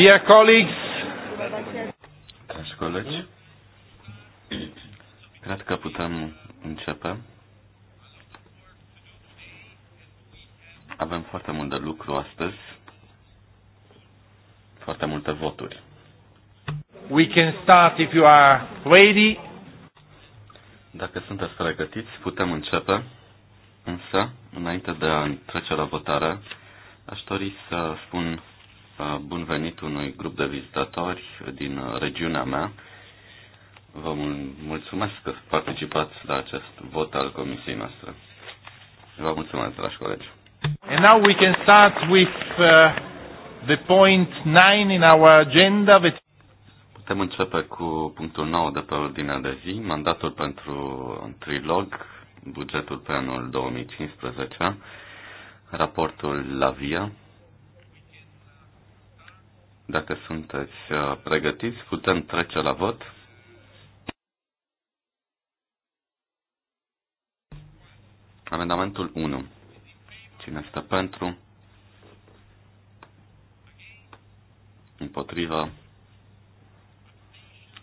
Dear colleagues, dragi colegi, cred că putem începe. Avem foarte mult de lucru astăzi, foarte multe voturi. We can start if you are ready. Dacă sunteți pregătiți, putem începe. Însă, înainte de a trece la votare, aș dori să spun Uh, bun venit unui grup de vizitatori din uh, regiunea mea. Vă mulțumesc că participați la acest vot al comisiei noastre. Vă mulțumesc, dragi colegi. And now we can start with uh, the point 9 in our agenda. Putem începe cu punctul 9 de pe ordinea de zi, mandatul pentru un trilog, bugetul pe anul 2015, raportul la via, dacă sunteți uh, pregătiți, putem trece la vot. Amendamentul 1. Cine stă pentru? Împotriva?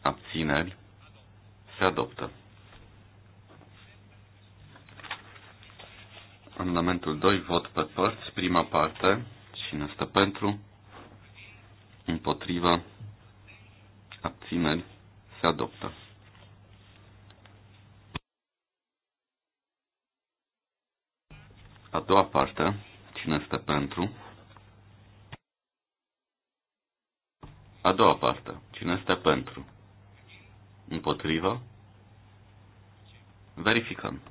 Abțineri? Se adoptă. Amendamentul 2. Vot pe părți. Prima parte. Cine stă pentru? împotriva, abțineri, se adoptă. A doua parte, cine este pentru? A doua parte, cine este pentru? Împotriva? Verificăm.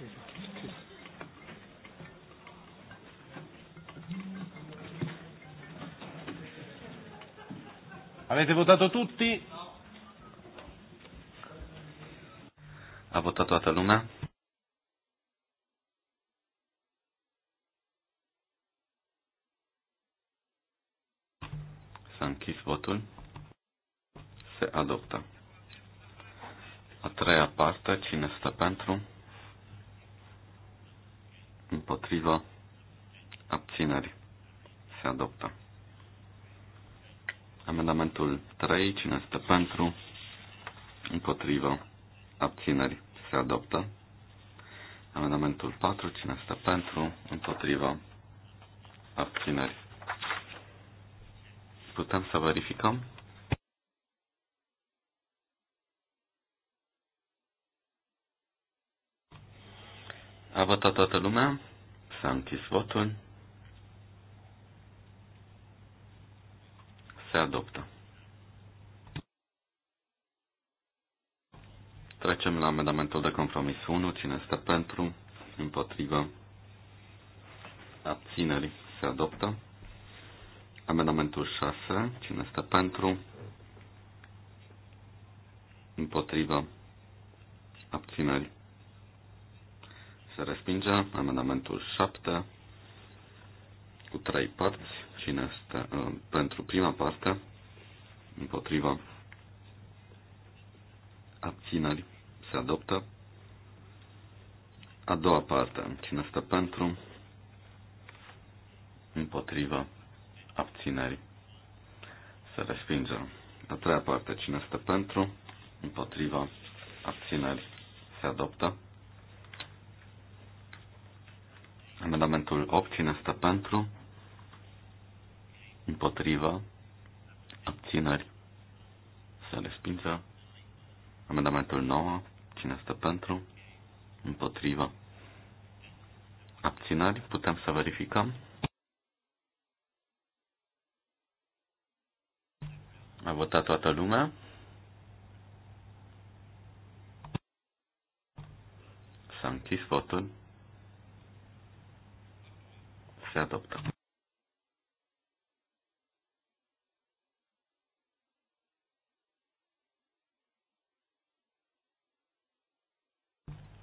you. Avete votato tutti? Ha votato la taluna? S-a închis votul. Se adoptă. A treia parte, cine stă pentru? Împotriva abținerii Se adoptă. Amendamentul 3, cine este pentru, împotrivă, abțineri, se adoptă. Amendamentul 4, cine este pentru, împotrivă, abțineri. Putem să verificăm? A votat toată lumea? S-a închis votul. se adoptă. Trecem la amendamentul de compromis 1. Cine este pentru? Împotrivă? Abținerii se adoptă. Amendamentul 6. Cine este pentru? Împotrivă? Abținerii se respinge. Amendamentul 7 cu trei părți cine este uh, pentru prima parte, împotriva abținări se adoptă. A doua parte, cine este pentru, împotriva abținării se respinge. A treia parte, cine este pentru, împotriva abținării se adoptă. Amendamentul 8, cine este pentru, împotriva, abțineri, se respinge. Amendamentul 9, cine este pentru, împotriva, abțineri, putem să verificăm. A votat toată lumea. S-a închis votul. Se adoptă.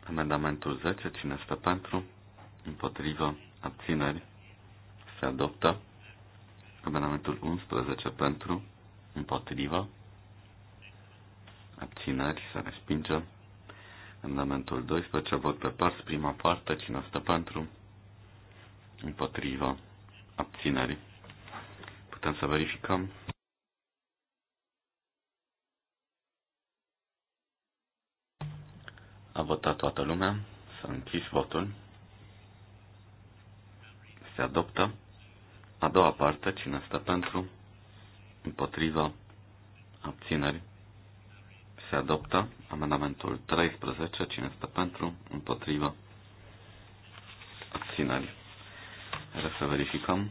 Amendamentul 10. Cine stă pentru? Împotrivă. Abțineri. Se adoptă. Amendamentul 11. Pentru. Împotrivă. Abțineri. Se respinge. Amendamentul 12. Vot pe părți. Prima parte. Cine stă pentru? Împotrivă. Abțineri. Putem să verificăm. A votat toată lumea. S-a închis votul. Se adoptă. A doua parte, cine stă pentru, împotriva, abțineri, se adoptă. Amendamentul 13, cine stă pentru, împotriva, abțineri. Era să verificăm.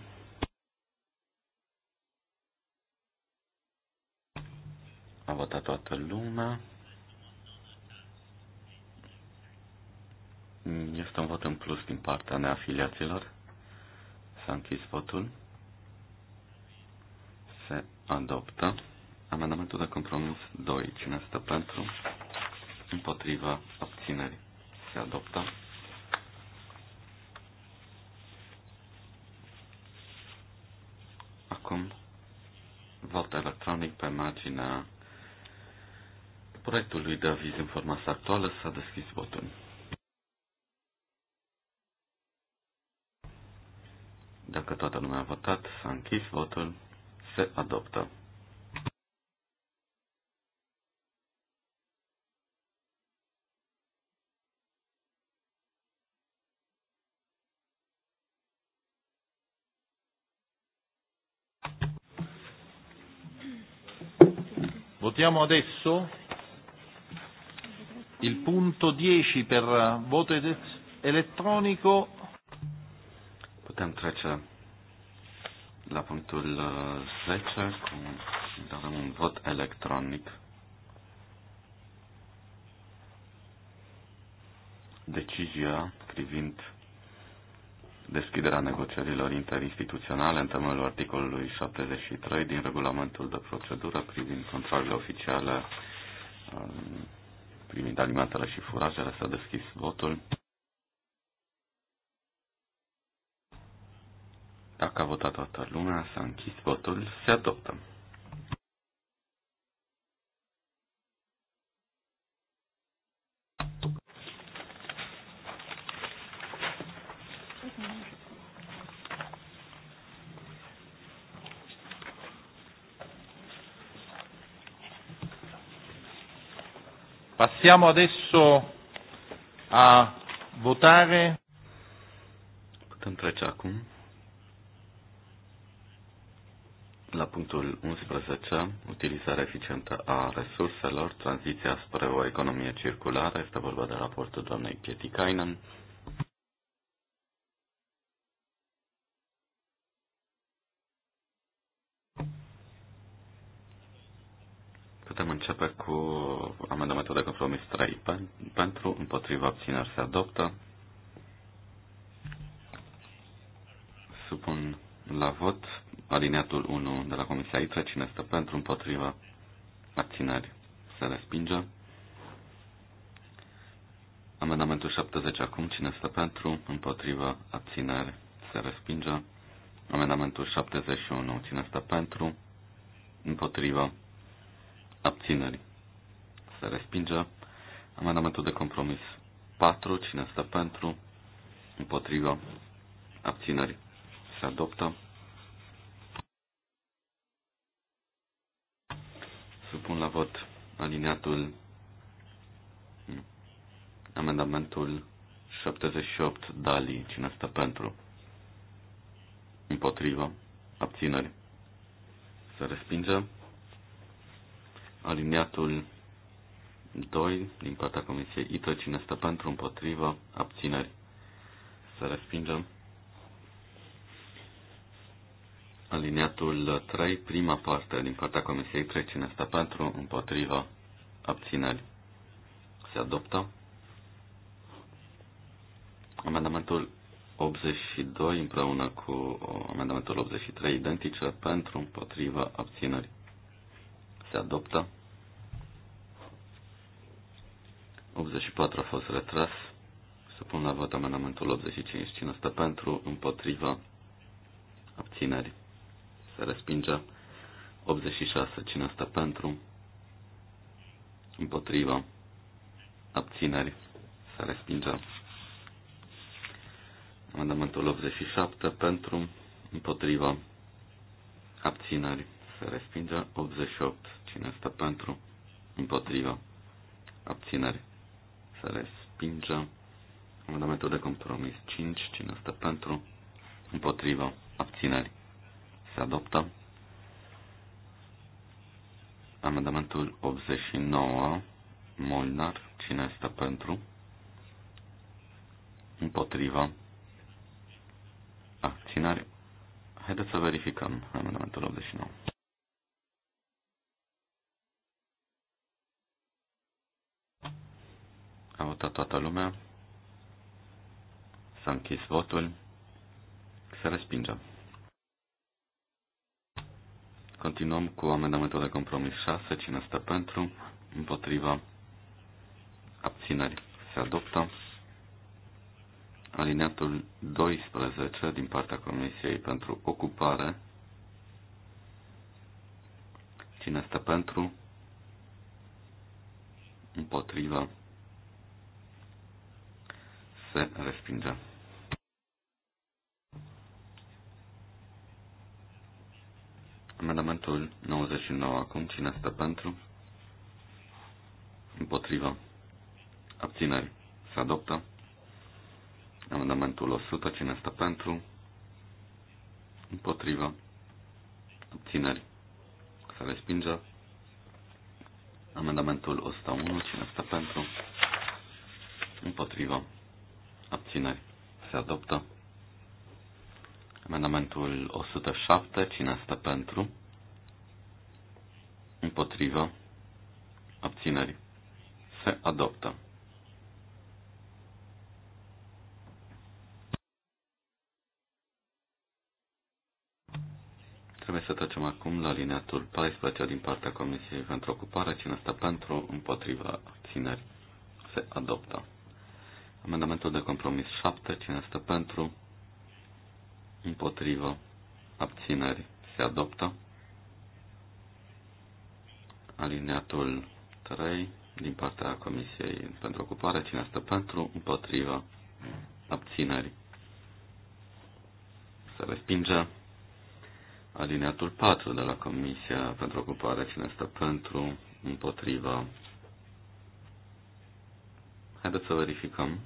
A votat toată lumea. Este un vot în plus din partea neafiliaților. S-a închis votul. Se adoptă. Amendamentul de compromis 2. Cine stă pentru? Împotriva obținerii Se adoptă. Acum, vot electronic pe marginea proiectului de aviz în forma actuală s-a deschis votul. Dacă toată lumea a votat, s-a închis votul, se adoptă. Votiamo adesso il punto 10 per voto elettronico Putem trece la punctul 10 uh, cu avem un vot electronic. Decizia privind deschiderea negocierilor interinstituționale în termenul articolului 73 din regulamentul de procedură privind controlele oficiale uh, privind alimentele și furajele. S-a deschis votul. Dacă a votat toată lumea, s-a închis votul, se adoptă. Passiamo adesso a votare. Putem trece acum La punctul 11, utilizarea eficientă a resurselor, tranziția spre o economie circulară, este vorba de raportul doamnei Kainan. Putem începe cu amendamentul de compromis 3. Pentru, împotriva, abțineri se adoptă. Supun la vot alineatul 1 de la Comisia ITRE, cine stă pentru, împotriva, abțineri, se respinge. Amendamentul 70 acum, cine stă pentru, împotriva, abțineri, se respinge. Amendamentul 71, cine stă pentru, împotriva, abțineri, se respinge. Amendamentul de compromis 4, cine stă pentru, împotriva, abțineri, se adoptă. Supun la vot alineatul hmm, amendamentul 78 Dali. Cine stă pentru? Împotrivă. Abțineri. Se respinge. Aliniatul 2 din partea Comisiei ITRE. Cine stă pentru? Împotrivă. Abțineri. să respingem Aliniatul 3, prima parte din partea Comisiei 3, cine este pentru, împotriva, abțineri. Se adoptă. Amendamentul 82 împreună cu amendamentul 83 identice pentru, împotriva, abțineri. Se adoptă. 84 a fost retras. Supun la vot amendamentul 85. Cine stă pentru, împotriva, abțineri se respinge. 86. Cine stă pentru? Împotriva. Abțineri. Se respinge. Amendamentul 87. Pentru. Împotriva. Abțineri. Se respinge. 88. Cine stă pentru? Împotriva. Abțineri. Se respinge. Amendamentul de compromis 5. Cine stă pentru? Împotriva. Abțineri se adoptă. Amendamentul 89, Molnar, cine este pentru? Împotriva. Acționari. Haideți să verificăm amendamentul 89. A votat toată lumea. S-a închis votul. Se respingem. Continuăm cu amendamentul de compromis 6. Cine stă pentru? Împotriva? Abțineri. Se adoptă. Alineatul 12 din partea Comisiei pentru Ocupare. Cine stă pentru? Împotriva? Se respinge. Amendamentul 99 acum. Cine stă pentru? Împotriva. Abțineri. Se adoptă. Amendamentul 100. Cine stă pentru? Împotriva. Abțineri. Se respinge. Amendamentul 101. Cine stă pentru? Împotriva. Abțineri. Se adoptă. Amendamentul 107, cine stă pentru? Împotrivă. Abțineri. Se adoptă. Trebuie să trecem acum la lineatul 14 din partea Comisiei pentru Ocupare. Cine stă pentru? Împotriva. Abțineri. Se adoptă. Amendamentul de compromis 7. Cine stă pentru? împotrivă, abțineri, se adoptă. Alineatul 3 din partea Comisiei pentru Ocupare, cine stă pentru, împotrivă, abțineri, se respinge. Alineatul 4 de la Comisia pentru Ocupare, cine stă pentru, împotrivă. Haideți să verificăm.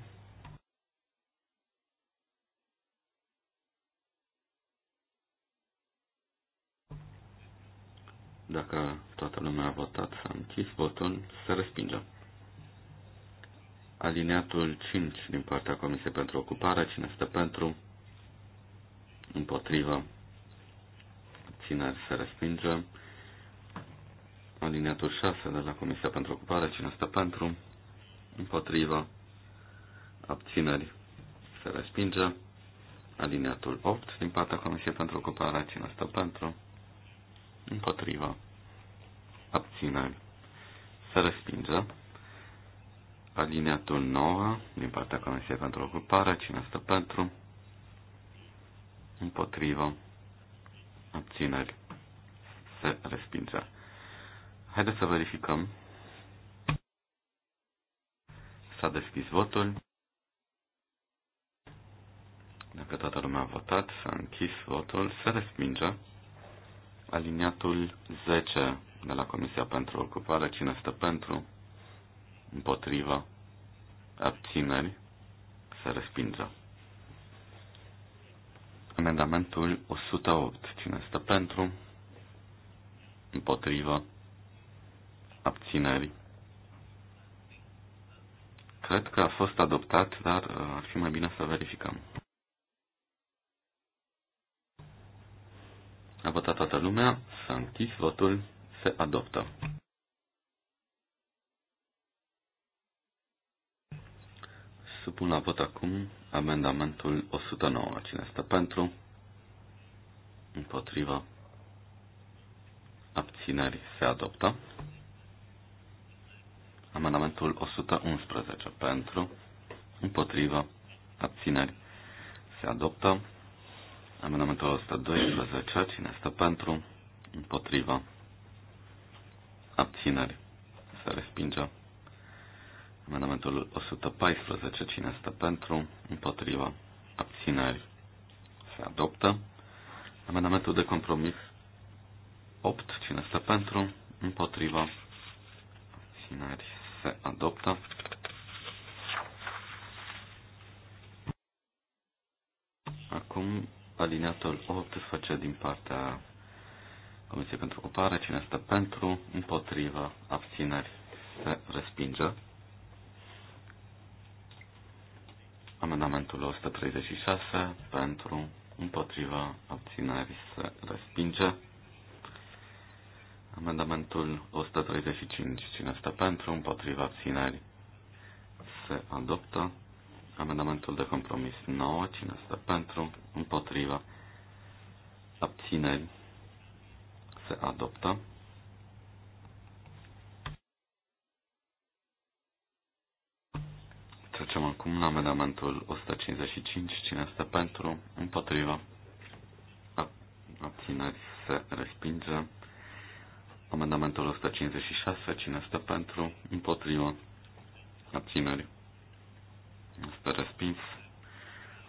Dacă toată lumea a votat, s-a închis votul, se respinge. Alineatul 5 din partea Comisiei pentru Ocupare, cine stă pentru, împotrivă, cine se respinge. Alineatul 6 de la Comisia pentru Ocupare, cine stă pentru, împotrivă, abțineri, se respinge. Alineatul 8 din partea Comisiei pentru Ocupare, cine stă pentru, împotrivă, abținere. se respinge. Alineatul 9 din partea Comisiei pentru Ocupare, cine stă pentru, împotrivă, abțineri, se respinge. Haideți să verificăm. S-a deschis votul. Dacă toată lumea a votat, s-a închis votul, se respinge. Aliniatul 10 de la Comisia pentru Ocupare. Cine stă pentru? Împotriva? Abțineri? Se respinge. Amendamentul 108. Cine stă pentru? Împotriva? Abțineri? Cred că a fost adoptat, dar uh, ar fi mai bine să verificăm. A votat toată lumea, s-a închis votul se adoptă. Supun la vot acum amendamentul 109. Cine este pentru? Împotriva? Abțineri se adoptă. Amendamentul 111 pentru, împotriva, abțineri se adoptă. Amendamentul 112, cine stă pentru, împotriva, abținere se respinge. Amendamentul 114, cine stă pentru, împotriva, abțineri, se adoptă. Amendamentul de compromis 8, cine stă pentru, împotriva, abțineri, se adoptă. Acum alineatul 18 din partea Comisie pentru Ocupare. Cine este pentru? împotrivă, Abțineri. Se respinge. Amendamentul 136 pentru, împotrivă, abțineri, se respinge. Amendamentul 135, cine este pentru, împotrivă, abțineri, se adoptă. Amendamentul de compromis 9, cine este pentru, împotriva, abținerii se adoptă. Trecem acum la amendamentul 155. Cine este pentru? Împotriva. Abțineri se respinge. Amendamentul 156. Cine este pentru? Împotriva. Abțineri. Este respins.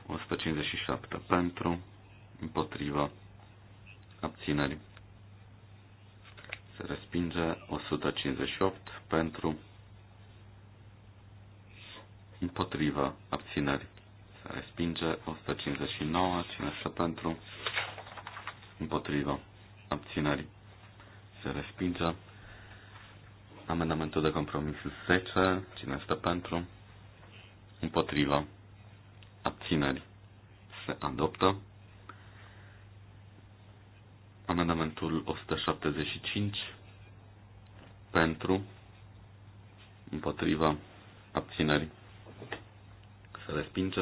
157 pentru, împotriva, abțineri se respinge 158 pentru împotriva abțineri. Se respinge 159, cine este pentru împotriva abținerii. Se respinge amendamentul de compromis 10, cine este pentru împotriva abținerii. Se adoptă Amendamentul 175 pentru, împotriva, abținerii. Se respinge.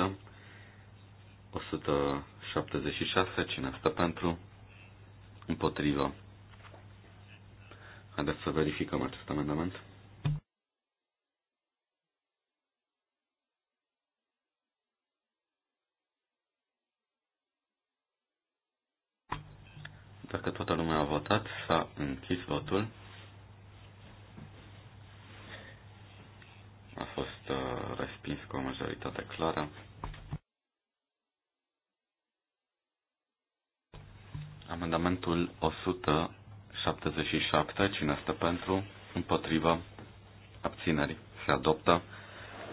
176, cine stă pentru, împotriva. Haideți să verificăm acest amendament. Sper că toată lumea a votat. S-a închis votul. A fost uh, respins cu o majoritate clară. Amendamentul 177. Cine este pentru? Împotriva? Abținerii. Se adoptă.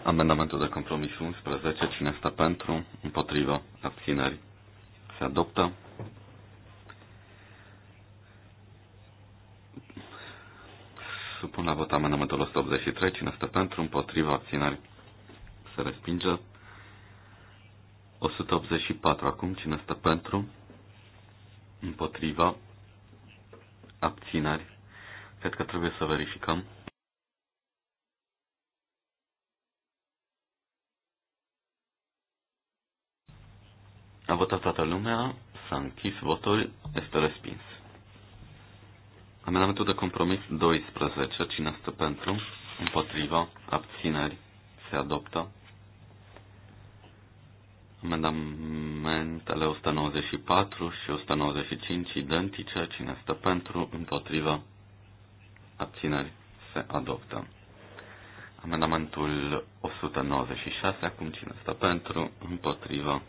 Amendamentul de compromis 11. Cine este pentru? Împotriva? Abținerii. Se adoptă. Supun la vot amendamentul 183. Cine stă pentru, împotriva, abținări, se respinge. 184. Acum, cine stă pentru, împotriva, abținări. Cred că trebuie să verificăm. A votat toată lumea, s-a închis votul, este respins. Amendamentul de compromis 12. Cine stă pentru? Împotriva? Abțineri? Se adoptă. Amendamentele 194 și 195 identice. Cine stă pentru? Împotriva? Abțineri? Se adoptă. Amendamentul 196. Acum cine stă pentru? Împotriva?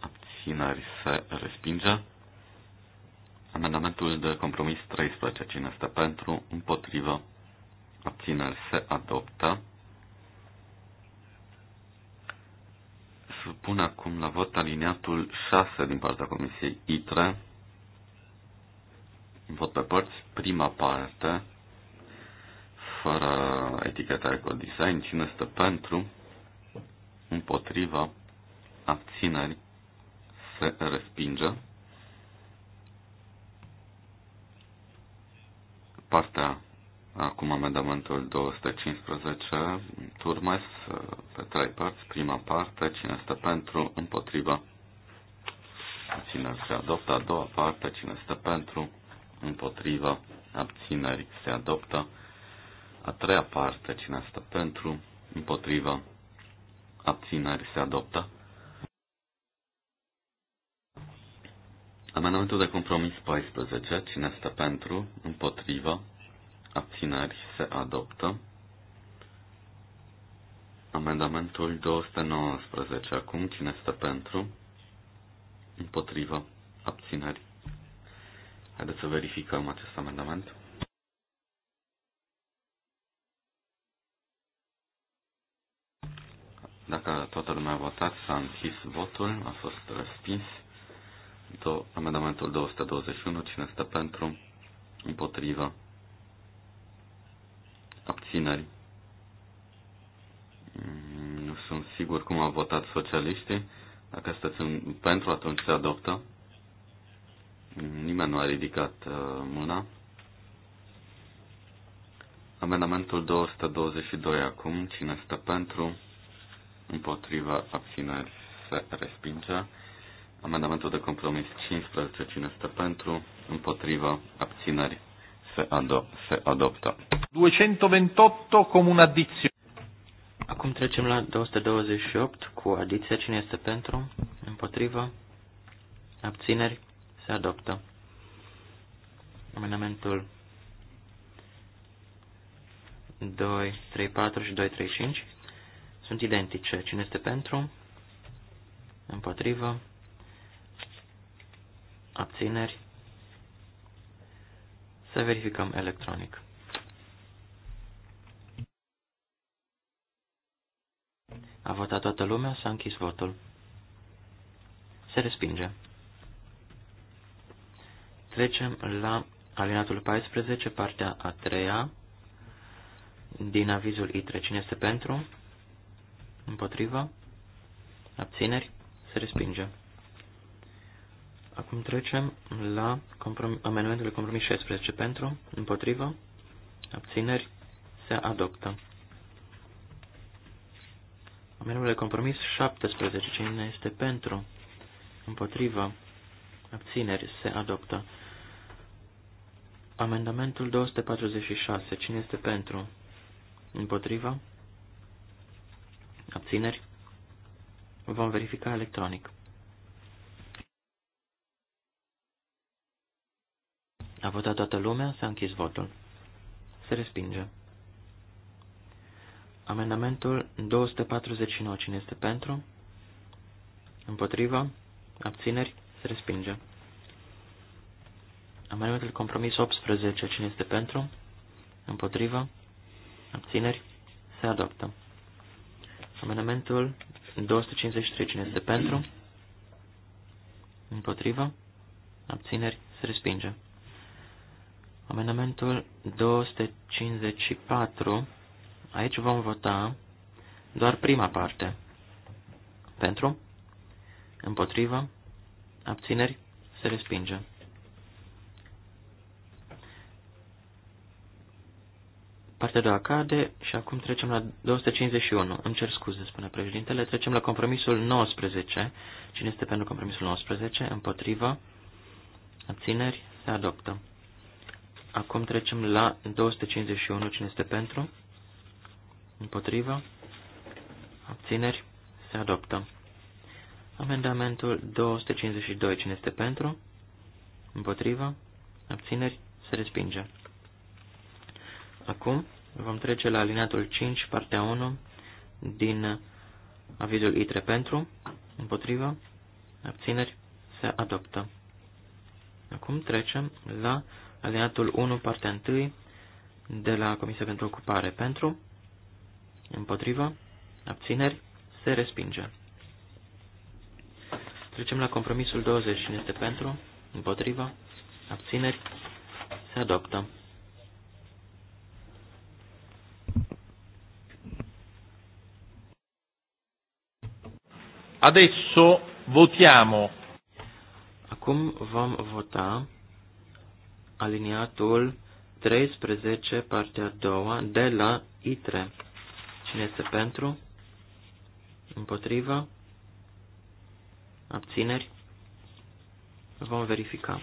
Abțineri? Se respinge. Amendamentul de compromis 13. Cine este pentru? Împotrivă? Abțineri se adoptă. Supun acum la vot aliniatul 6 din partea Comisiei ITRE. Vot pe părți. Prima parte, fără eticheta ecodesign. Cine este pentru? Împotriva? Abțineri se respinge. partea acum amendamentul 215, turmes pe trei părți, prima parte, cine este pentru, împotriva, abțineri se adoptă, a doua parte, cine este pentru, împotriva, abțineri se adoptă, a treia parte, cine este pentru, împotriva, abțineri se adoptă, Amendamentul de compromis 14. Cine este pentru, împotrivă, abțineri, se adoptă. Amendamentul 219. Acum, cine este pentru, împotrivă, abțineri. Haideți să verificăm acest amendament. Dacă toată lumea a votat, s-a închis votul, a fost respins do, amendamentul 221, cine stă pentru, împotriva, abțineri. Mm, nu sunt sigur cum au votat socialiștii. Dacă sunteți pentru, atunci se adoptă. Nimeni nu a ridicat uh, mâna. Amendamentul 222 acum. Cine stă pentru? Împotriva abțineri se respinge. Amendamentul de compromis 15. Cine stă pentru? Împotriva? Abțineri? Se, ado- se adoptă. 228 comun adiție. Acum trecem la 228 cu adiția. Cine este pentru? Împotriva? Abțineri? Se adoptă. Amendamentul 2, 3, 4 și 2, 3, 5 sunt identice. Cine este pentru? Împotrivă? abțineri, să verificăm electronic. A votat toată lumea, s-a închis votul. Se respinge. Trecem la alinatul 14, partea a treia, din avizul ITRE. Cine este pentru? Împotriva? Abțineri? Se respinge. Acum trecem la comprom- amendamentul de compromis 16. Pentru, împotrivă, abțineri, se adoptă. Amendamentul de compromis 17. Cine este pentru, împotrivă, abțineri, se adoptă. Amendamentul 246. Cine este pentru, împotrivă, abțineri, vom verifica electronic. A votat toată lumea, s-a închis votul. Se respinge. Amendamentul 249. Cine este pentru? Împotriva? Abțineri? Se respinge. Amendamentul compromis 18. Cine este pentru? Împotriva? Abțineri? Se adoptă. Amendamentul 253. Cine este pentru? Împotriva? Abțineri? Se respinge. Amendamentul 254. Aici vom vota doar prima parte. Pentru? Împotrivă? Abțineri? Se respinge. Partea doua cade și acum trecem la 251. Îmi cer scuze, spune președintele. Trecem la compromisul 19. Cine este pentru compromisul 19? Împotrivă? Abțineri? Se adoptă. Acum trecem la 251. Cine este pentru? Împotriva? Abțineri? Se adoptă. Amendamentul 252. Cine este pentru? Împotriva? Abțineri? Se respinge. Acum vom trece la alineatul 5, partea 1, din avizul ITRE pentru, împotriva, abțineri, se adoptă. Acum trecem la Alineatul 1, partea 1, de la Comisia pentru Ocupare. Pentru, împotrivă, abțineri, se respinge. Trecem la compromisul 20. Cine este pentru, împotrivă, abțineri, se adoptă. Adesso votiamo. Acum vom vota aliniatul 13, partea a doua, de la ITRE. Cine este pentru? Împotriva? Abțineri? Vom verifica.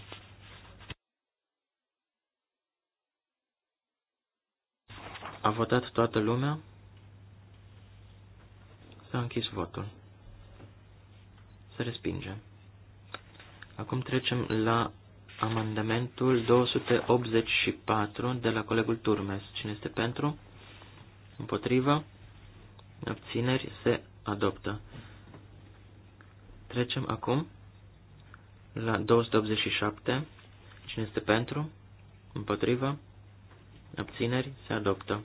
A votat toată lumea? S-a închis votul. Se respinge. Acum trecem la amendamentul 284 de la colegul Turmes. Cine este pentru? Împotrivă? Abțineri se adoptă. Trecem acum la 287. Cine este pentru? Împotrivă? Abțineri se adoptă.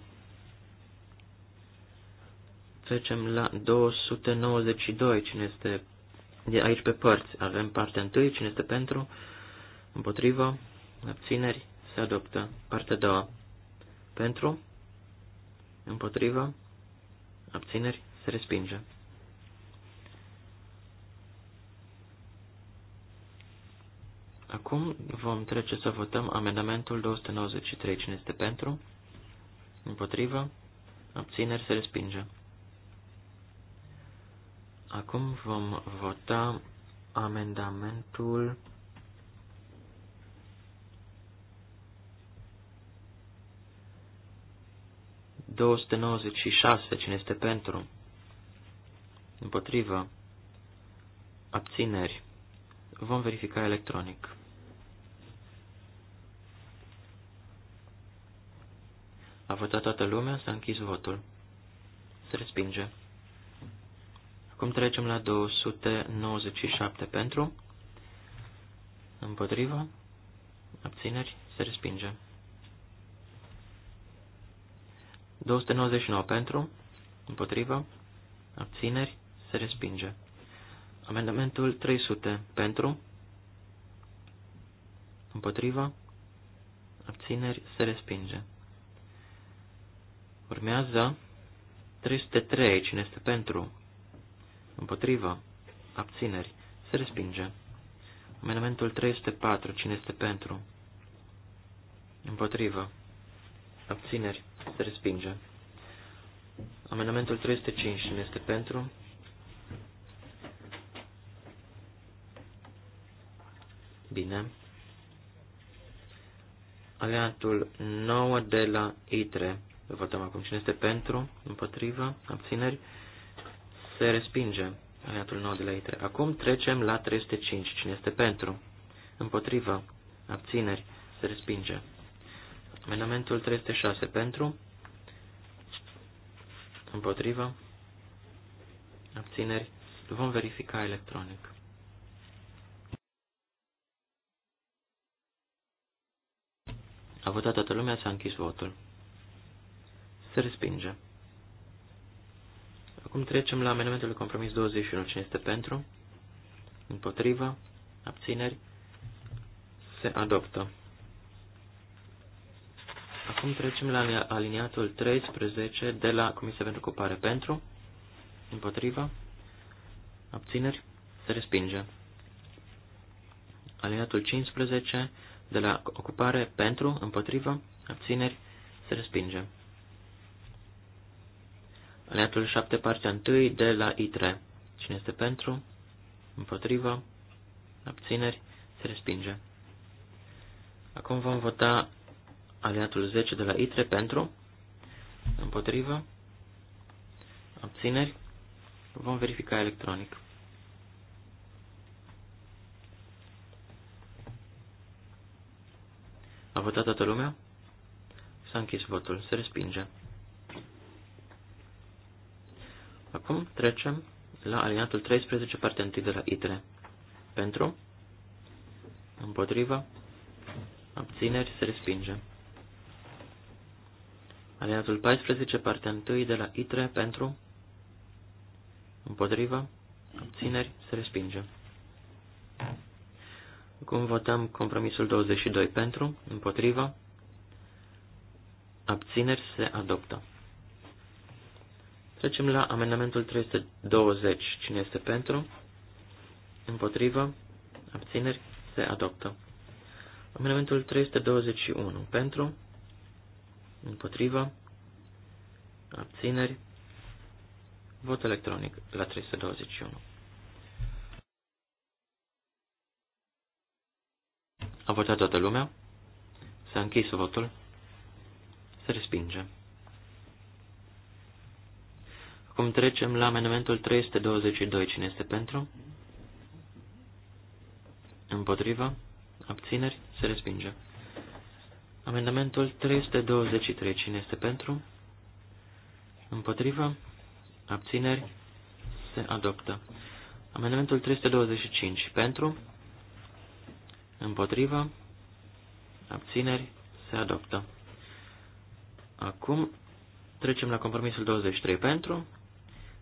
Trecem la 292. Cine este de aici pe părți? Avem partea întâi. Cine este pentru? Pentru împotrivă, abțineri, se adoptă. Partea a doua, pentru, împotrivă, abțineri, se respinge. Acum vom trece să votăm amendamentul 293. Cine este pentru? Împotrivă? Abțineri se respinge. Acum vom vota amendamentul 296. Cine este pentru? Împotrivă. Abțineri. Vom verifica electronic. A votat toată lumea, s-a închis votul. Se respinge. Acum trecem la 297 pentru, împotrivă, abțineri, se respinge. 299 pentru, împotrivă, abțineri, se respinge. Amendamentul 300 pentru, împotrivă, abțineri, se respinge. Urmează 303, cine este pentru, împotrivă, abțineri, se respinge. Amendamentul 304, cine este pentru, împotrivă, abțineri, se respinge. Amendamentul 305. Cine este pentru? Bine. Aliatul 9 de la ITRE. Votăm acum cine este pentru, împotrivă, abțineri. Se respinge aliatul 9 de la ITRE. Acum trecem la 305. Cine este pentru, împotrivă, abțineri. Se respinge. Amendamentul 306 pentru, Împotrivă. abțineri, vom verifica electronic. A votat toată lumea, s-a închis votul. Se respinge. Acum trecem la amendamentul de compromis 21. Cine este pentru? împotrivă, Abțineri? Se adoptă. Acum trecem la aliniatul 13 de la Comisia pentru Ocupare. Pentru, împotriva, abțineri, se respinge. Aliniatul 15 de la Ocupare pentru, împotriva, abțineri, se respinge. Aliniatul 7, partea 1 de la I3. Cine este pentru, împotriva, abțineri, se respinge. Acum vom vota Aliatul 10 de la ITRE pentru, împotrivă, abțineri, vom verifica electronic. A votat toată lumea? S-a închis votul, se respinge. Acum trecem la aliatul 13, partea 1 de la ITRE. Pentru, împotrivă, abțineri, se respinge. Aliatul 14, partea 1 de la ITRE pentru, împotriva, abțineri, se respinge. Cum votăm compromisul 22 pentru, împotriva, abțineri, se adoptă. Trecem la amendamentul 320. Cine este pentru? Împotrivă? Abțineri? Se adoptă. Amendamentul 321. Pentru? împotriva, abțineri, vot electronic la 321. A votat toată lumea? S-a închis votul? Se respinge. Acum trecem la amendamentul 322. Cine este pentru? Împotriva? Abțineri? Se respinge. Amendamentul 323. Cine este pentru? Împotrivă? Abțineri? Se adoptă. Amendamentul 325. Pentru? Împotrivă? Abțineri? Se adoptă. Acum trecem la compromisul 23. Pentru?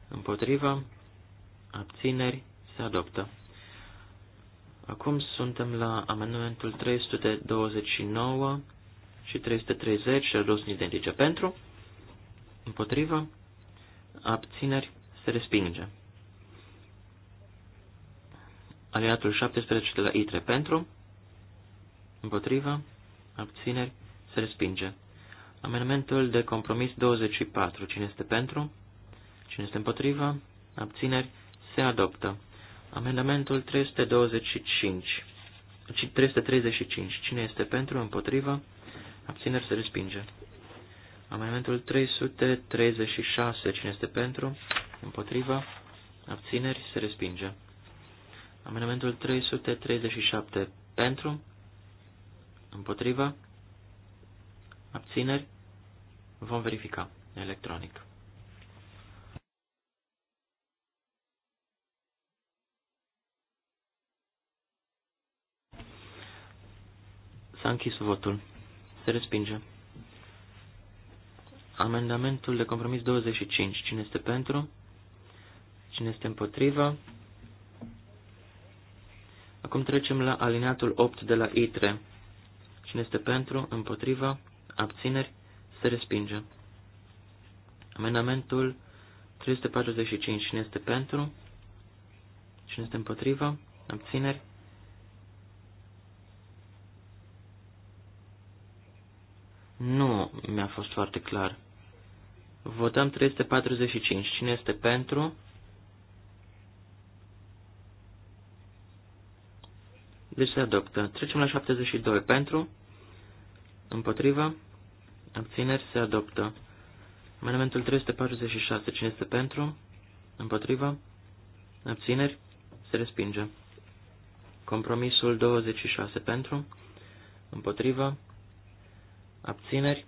Împotrivă? Abțineri? Se adoptă. Acum suntem la amendamentul 329 și 330 și de identice pentru, împotrivă, abțineri, se respinge. Aliatul 17 de la ITRE pentru, împotrivă, abțineri, se respinge. Amendamentul de compromis 24. Cine este pentru? Cine este împotrivă? Abțineri? Se adoptă. Amendamentul 325. 335. Cine este pentru? Împotrivă? abțineri se respinge. Amendamentul 336, cine este pentru, împotriva, abțineri se respinge. Amendamentul 337, pentru, împotriva, abțineri, vom verifica electronic. S-a închis votul. Se respinge. Amendamentul de compromis 25. Cine este pentru? Cine este împotriva? Acum trecem la alineatul 8 de la ITRE. Cine este pentru, împotriva, abțineri, se respinge. Amendamentul 345. Cine este pentru? Cine este împotriva? Abțineri? Nu mi-a fost foarte clar. Votăm 345. Cine este pentru? Deci se adoptă. Trecem la 72. Pentru? Împotriva? Abțineri se adoptă. Amendamentul 346. Cine este pentru? Împotriva? Abțineri? Se respinge. Compromisul 26. Pentru? Împotriva? abțineri,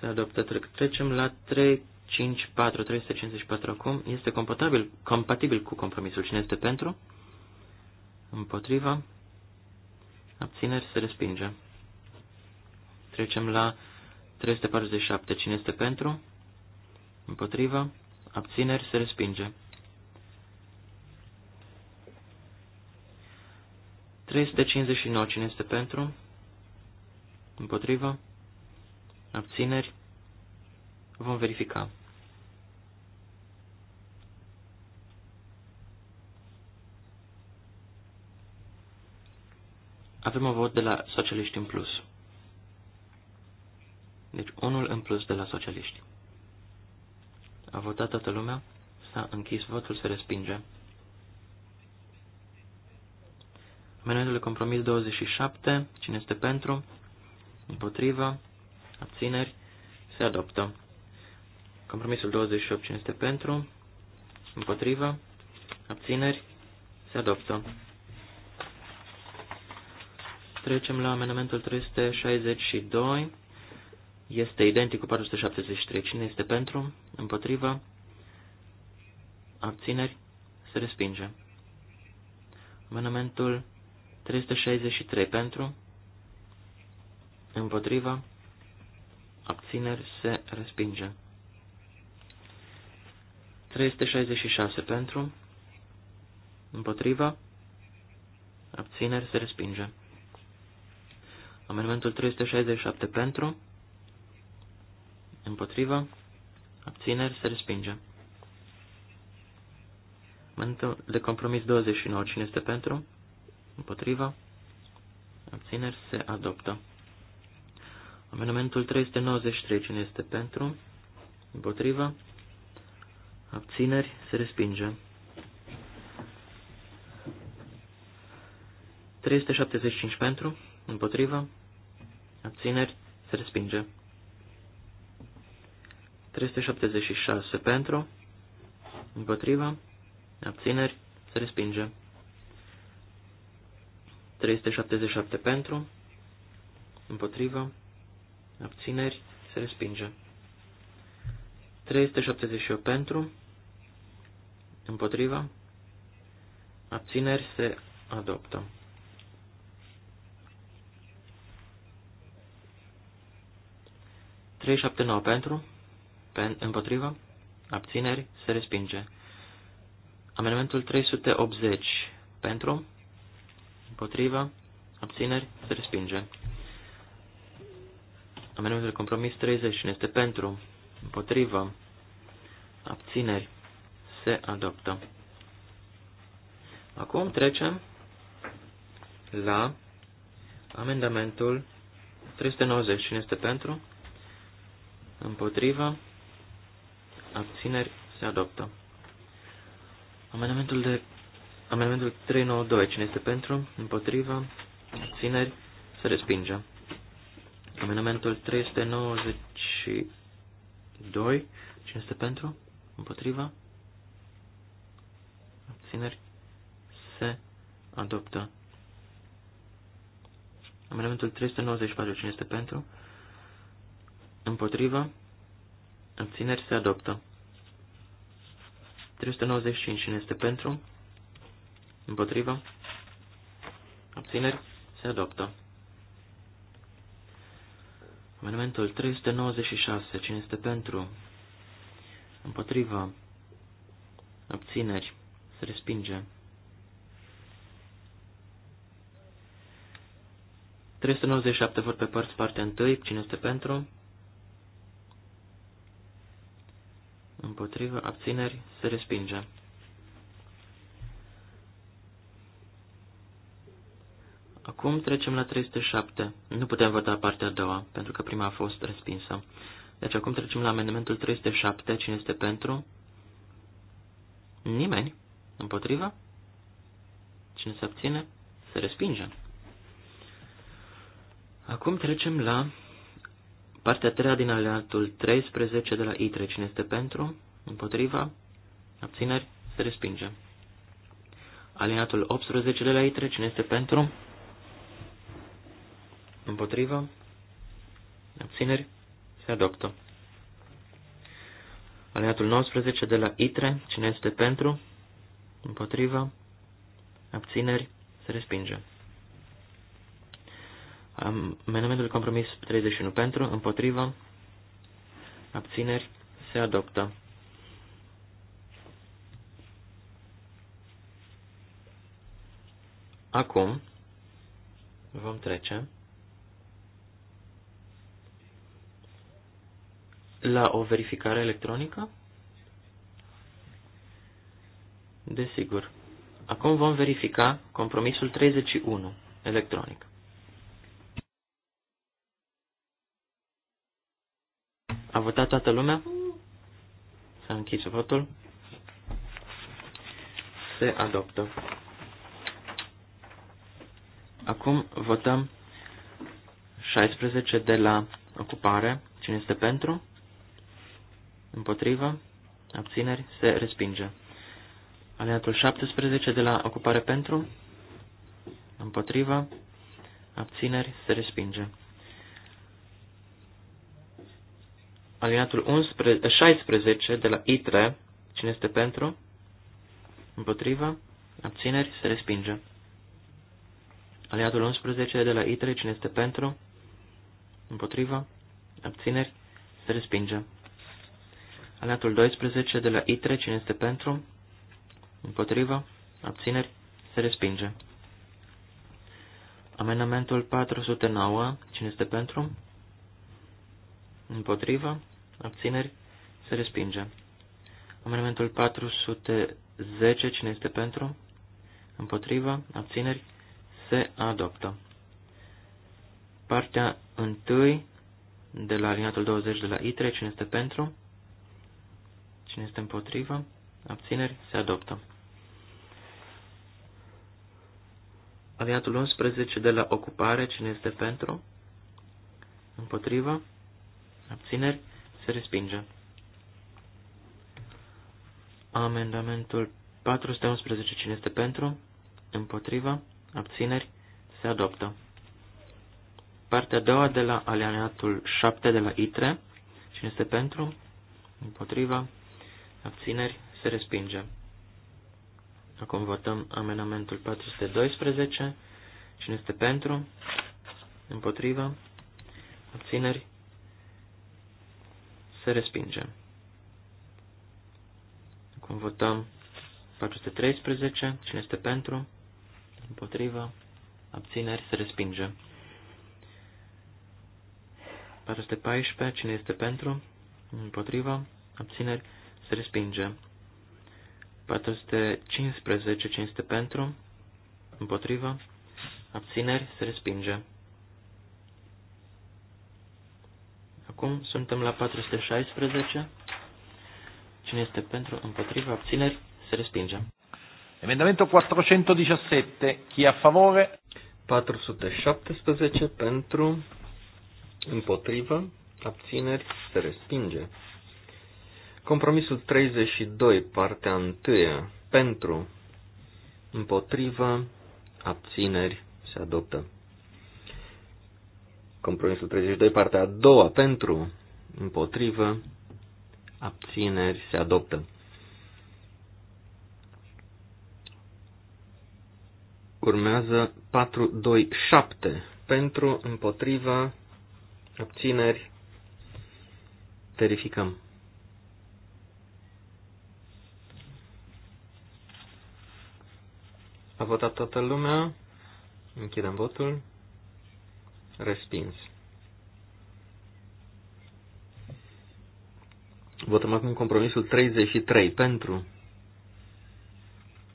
se adoptă. Trecem la 3, 5, 4, 354 acum. Este compatibil, compatibil cu compromisul. Cine este pentru? Împotriva. Abțineri se respinge. Trecem la 347. Cine este pentru? Împotriva. Abțineri se respinge. 359. Cine este pentru? Împotrivă? Abțineri? Vom verifica. Avem o vot de la socialiști în plus. Deci unul în plus de la socialiști. A votat toată lumea? S-a închis votul, se respinge. Amendamentul de compromis 27. Cine este pentru? Împotrivă? Abțineri? Se adoptă. Compromisul 28. Cine este pentru? Împotrivă? Abțineri? Se adoptă. Trecem la amendamentul 362. Este identic cu 473. Cine este pentru? Împotrivă? Abțineri? Se respinge. Amendamentul 363 pentru, împotriva, abțineri se respinge. 366 pentru, împotriva, abțineri se respinge. Amendamentul 367 pentru, împotriva, abțineri se respinge. Amendamentul de compromis 29, cine este pentru? Împotriva. Abțineri se adoptă. Amendamentul 393. Cine este pentru? Împotriva. Abțineri se respinge. 375 pentru, împotriva, abțineri, se respinge. 376 pentru, împotriva, abțineri, se respinge. 377 pentru, împotrivă, abțineri, se respinge. 378 pentru, împotrivă, abțineri, se adoptă. Trei șapte nouă pentru, pen, împotrivă, abțineri, se respinge. Amendamentul 380 pentru, împotriva, abțineri, se respinge. Amendamentul de compromis 30 și este pentru, împotriva, abțineri, se adoptă. Acum trecem la amendamentul 390. Cine este pentru? Împotriva? Abțineri? Se adoptă. Amendamentul de Amendamentul 392. Cine este pentru? Împotriva? Țineri? Se respinge. Amendamentul 392. Cine este pentru? Împotriva? țineri, Se adoptă. Amendamentul 394. Cine este pentru? Împotriva? Abțineri? Se adoptă. 395. Cine este pentru? Împotrivă. Abțineri. Se adoptă. Amendamentul 396. Cine este pentru? Împotrivă. Abțineri. Se respinge. 397 vor pe părți partea 1. Cine este pentru? Împotrivă. Abțineri. Se respinge. Acum trecem la 307. Nu putem vota partea a doua, pentru că prima a fost respinsă. Deci acum trecem la amendamentul 307. Cine este pentru? Nimeni. Împotriva? Cine se abține? Se respinge. Acum trecem la partea a treia din aleatul 13 de la I3. Cine este pentru? Împotriva? Abțineri? Se respinge. Alinatul 18 de la I3. Cine este pentru? Împotrivă. Abțineri. Se adoptă. Aliatul 19 de la ITRE. Cine este pentru? Împotrivă. Abțineri. Se respinge. Amendamentul compromis 31 pentru, împotrivă, abțineri, se adoptă. Acum vom trece la o verificare electronică? Desigur. Acum vom verifica compromisul 31 electronic. A votat toată lumea? S-a închis votul. Se adoptă. Acum votăm 16 de la ocupare. Cine este pentru? împotrivă, abțineri, se respinge. Aliatul 17 de la ocupare pentru, împotrivă, abțineri, se respinge. Aliatul 11, 16 de la ITRE, cine este pentru, împotrivă, abțineri, se respinge. Aliatul 11 de la ITRE, cine este pentru, împotrivă, abțineri, se respinge. Aliatul 12 de la ITRE, cine este pentru? Împotrivă? Abțineri? Se respinge. Amendamentul 409, cine este pentru? Împotrivă? Abțineri? Se respinge. Amendamentul 410, cine este pentru? Împotrivă? Abțineri? Se adoptă. Partea 1 de la alineatul 20 de la ITRE, cine este pentru? Cine este împotrivă? Abțineri? Se adoptă. Aliatul 11 de la ocupare, cine este pentru? Împotrivă? Abțineri? Se respinge. Amendamentul 411, cine este pentru? Împotrivă? Abțineri? Se adoptă. Partea a doua de la alianatul 7 de la ITRE, cine este pentru? împotrivă, abțineri, se respinge. Acum votăm amenamentul 412. Cine este pentru? Împotriva? Abțineri? Se respinge. Acum votăm 413. Cine este pentru? Împotriva? Abțineri? Se respinge. 414. Cine este pentru? Împotriva? Abțineri? se respinge. 415, cine este pentru, împotrivă, abțineri, se respinge. Acum suntem la 416. Cine este pentru, împotriva, abțineri, se respinge. Emendamentul 417. Chi a favore? 417 pentru, împotrivă, abțineri, se respinge. Compromisul 32, partea 1, pentru, împotrivă, abțineri, se adoptă. Compromisul 32, partea a doua, pentru, împotrivă, abțineri, se adoptă. Urmează 4, 2, 7, pentru, împotrivă, abțineri, verificăm. A votat toată lumea. Închidem votul. Respins. Votăm acum compromisul 33 pentru,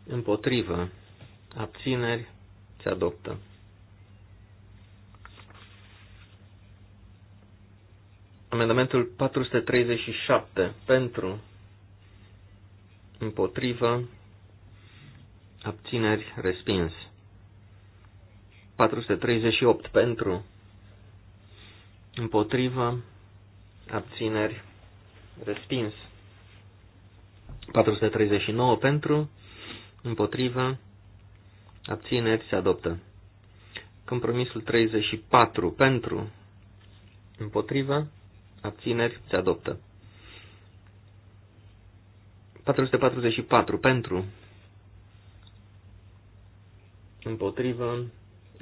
împotrivă, abțineri, se adoptă. Amendamentul 437 pentru, împotrivă, abțineri, respins. 438 pentru, împotrivă, abțineri, respins. 439 pentru, împotrivă, abțineri, se adoptă. Compromisul 34 pentru, împotrivă, abțineri, se adoptă. 444 pentru, împotrivă,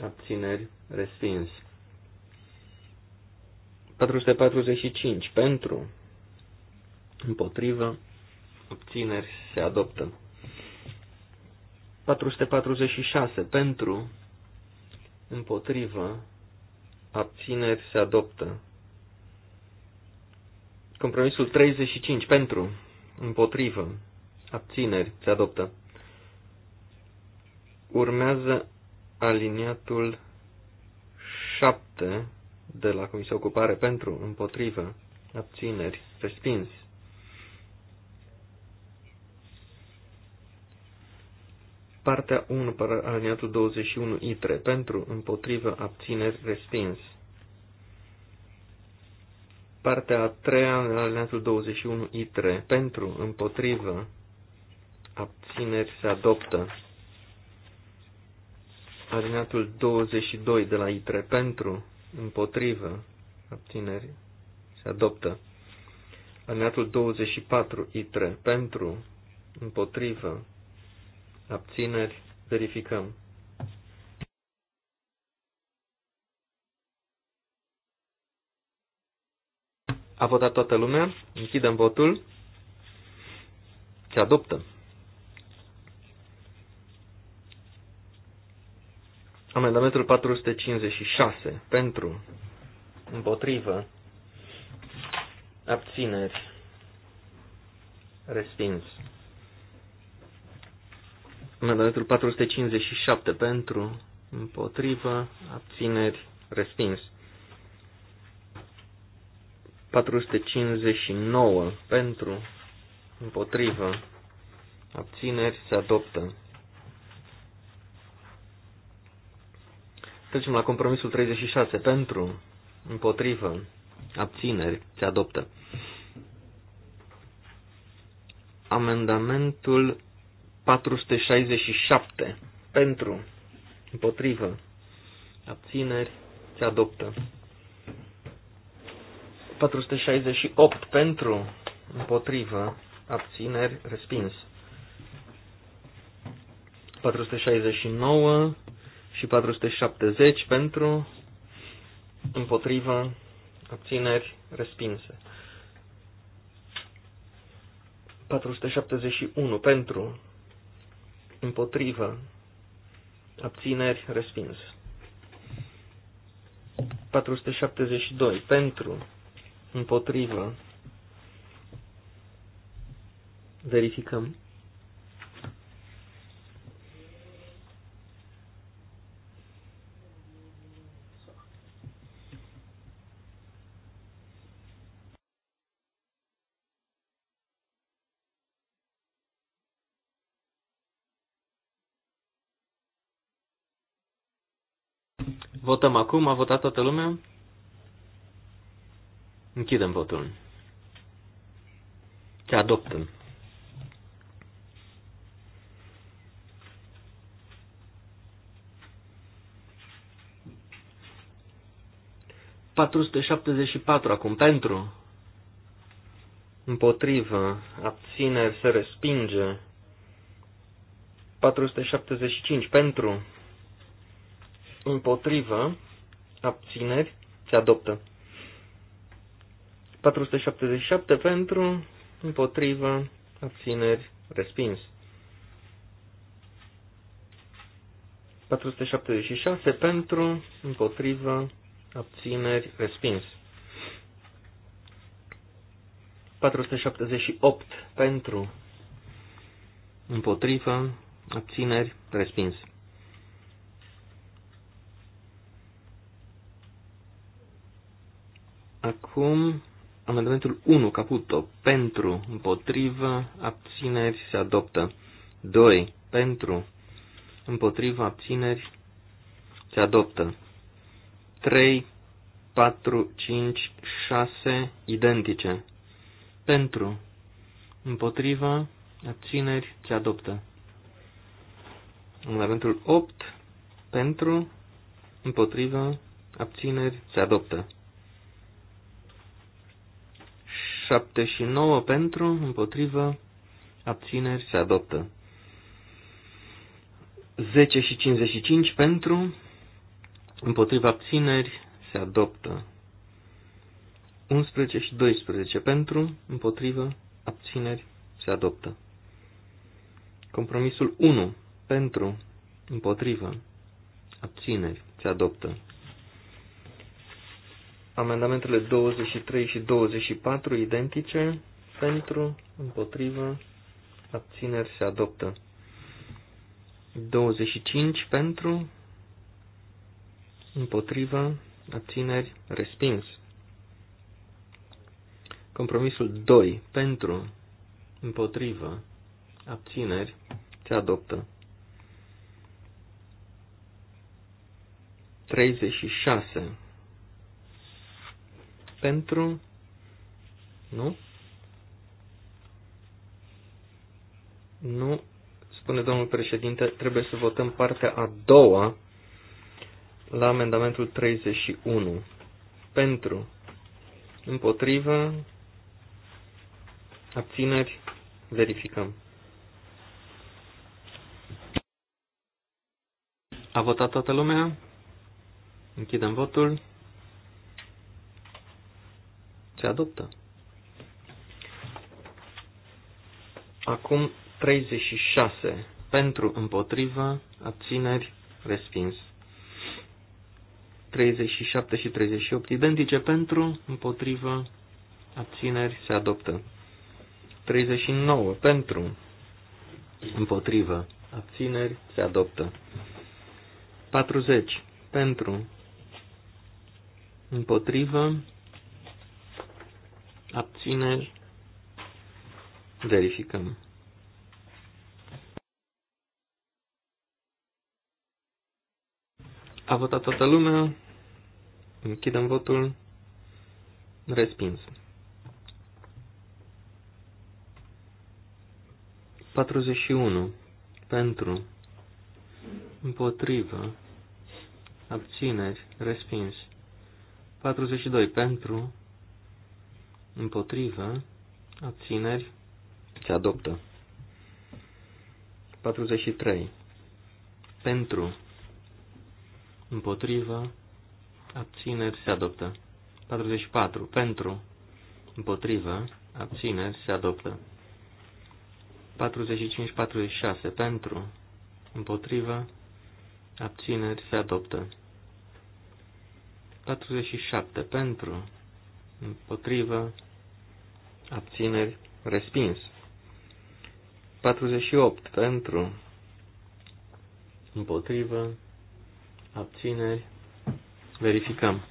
abțineri, respins. 445 pentru, împotrivă, abțineri, se adoptă. 446 pentru, împotrivă, abțineri se adoptă. Compromisul 35 pentru, împotrivă, abțineri se adoptă. Urmează aliniatul 7 de la Comisia Ocupare pentru, împotrivă, abțineri, respins. Partea 1, aliniatul 21, ITRE, pentru, împotrivă, abțineri, respins. Partea a treia, aliniatul 21, ITRE, pentru, împotrivă, abțineri, se adoptă alineatul 22 de la ITRE pentru, împotrivă, abțineri, se adoptă. Alineatul 24 ITRE pentru, împotrivă, abțineri, verificăm. A votat toată lumea, închidem votul, se adoptă. Amendamentul 456 pentru, împotrivă, abțineri, respins. Amendamentul 457 pentru, împotrivă, abțineri, respins. 459 pentru, împotrivă, abțineri, se adoptă. Trecem la compromisul 36. Pentru, împotrivă, abțineri, se adoptă. Amendamentul 467. Pentru, împotrivă, abțineri, se adoptă. 468 pentru, împotrivă, abțineri, respins. 469 și 470 pentru, împotrivă, abțineri, respinse. 471 pentru, împotrivă, abțineri, respins. 472 pentru, împotrivă, verificăm. Votăm acum. A votat toată lumea? Închidem votul. Se adoptăm. patru acum pentru împotrivă abține se respinge 475 pentru împotrivă, abțineri, se adoptă. 477 pentru, împotrivă, abțineri, respins. 476 pentru, împotrivă, abțineri, respins. 478 pentru, împotrivă, abțineri, respins. Acum, amendamentul 1, caputo, pentru, împotrivă, abțineri, se adoptă. 2, pentru, împotrivă, abțineri, se adoptă. 3, 4, 5, 6, identice. Pentru, împotrivă, abțineri, se adoptă. Amendamentul 8, pentru, împotrivă, abțineri, se adoptă. 7 și 9 pentru, împotrivă, abțineri se adoptă. 10 și 55 pentru, împotrivă, abțineri se adoptă. 11 și 12 pentru, împotrivă, abțineri se adoptă. Compromisul 1 pentru, împotrivă, abțineri se adoptă. Amendamentele 23 și 24 identice pentru, împotrivă, abțineri se adoptă. 25 pentru, împotrivă, abțineri respins. Compromisul 2 pentru, împotrivă, abțineri se adoptă. 36 pentru, nu, nu, spune domnul președinte, trebuie să votăm partea a doua la amendamentul 31. Pentru, împotrivă, abțineri, verificăm. A votat toată lumea? Închidem votul se adoptă. Acum 36. Pentru, împotrivă, abțineri, respins. 37 și 38 identice pentru, împotrivă, abțineri, se adoptă. 39 pentru, împotrivă, abțineri, se adoptă. 40 pentru, împotrivă, abțineri, verificăm. A votat toată lumea, închidem votul, respins. 41. Pentru, împotrivă, abțineri, respins. 42. Pentru, împotrivă, abțineri, se adoptă. 43. Pentru, împotrivă, abțineri, se adoptă. 44. Pentru, împotrivă, abțineri, se adoptă. 45-46. Pentru, împotrivă, abțineri, se adoptă. 47. Pentru, împotrivă, abțineri, respins. 48 pentru, împotrivă, abțineri, verificăm.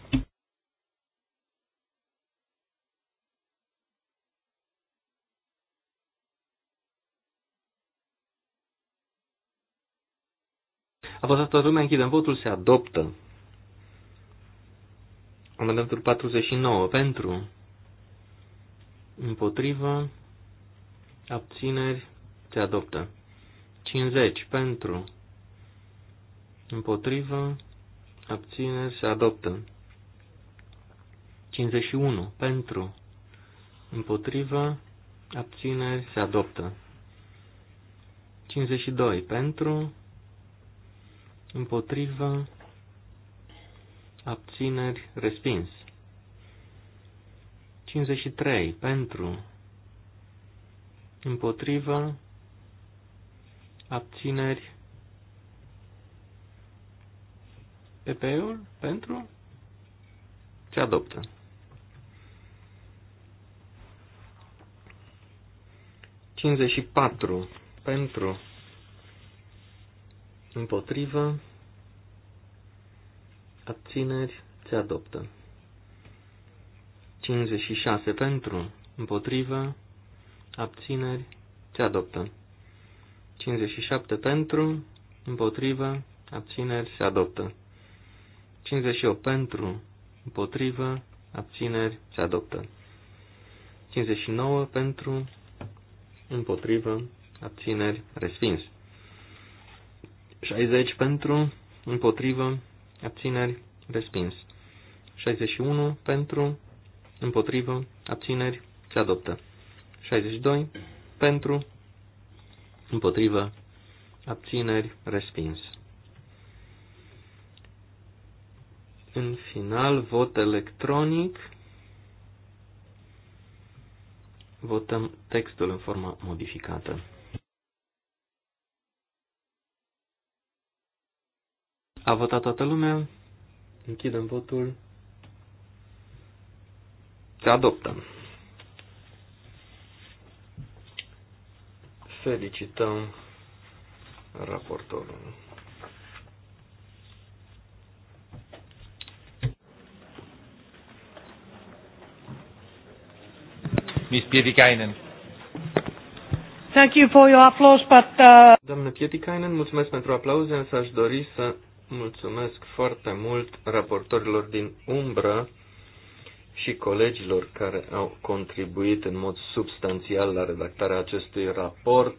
A fost toată lumea, închidem votul, se adoptă. Amendamentul 49 pentru, împotrivă, abțineri, se adoptă. 50 pentru, împotrivă, abțineri, se adoptă. 51 pentru, împotrivă, abțineri, se adoptă. 52 pentru, împotrivă, abțineri, respins. 53 pentru, împotrivă, abțineri, PP-ul pentru, se adoptă. Cincizeci patru pentru împotrivă abțineri se adoptă. 56 pentru, împotrivă, abțineri, se adoptă. 57 pentru, împotrivă, abțineri, se adoptă. 58 pentru, împotrivă, abțineri, se adoptă. 59 pentru, împotrivă, abțineri, respins. 60 pentru, împotrivă, abțineri, respins. 61 pentru, împotrivă, abțineri, se adoptă. 62 pentru, împotrivă, abțineri, respins. În final, vot electronic. Votăm textul în forma modificată. A votat toată lumea. Închidem votul. Se adoptă. Felicităm raportorul. Miss Pietikainen. Thank you for your applause, but... Uh... Doamnă Pietikainen, mulțumesc pentru aplauze, însă aș dori să mulțumesc foarte mult raportorilor din umbră și colegilor care au contribuit în mod substanțial la redactarea acestui raport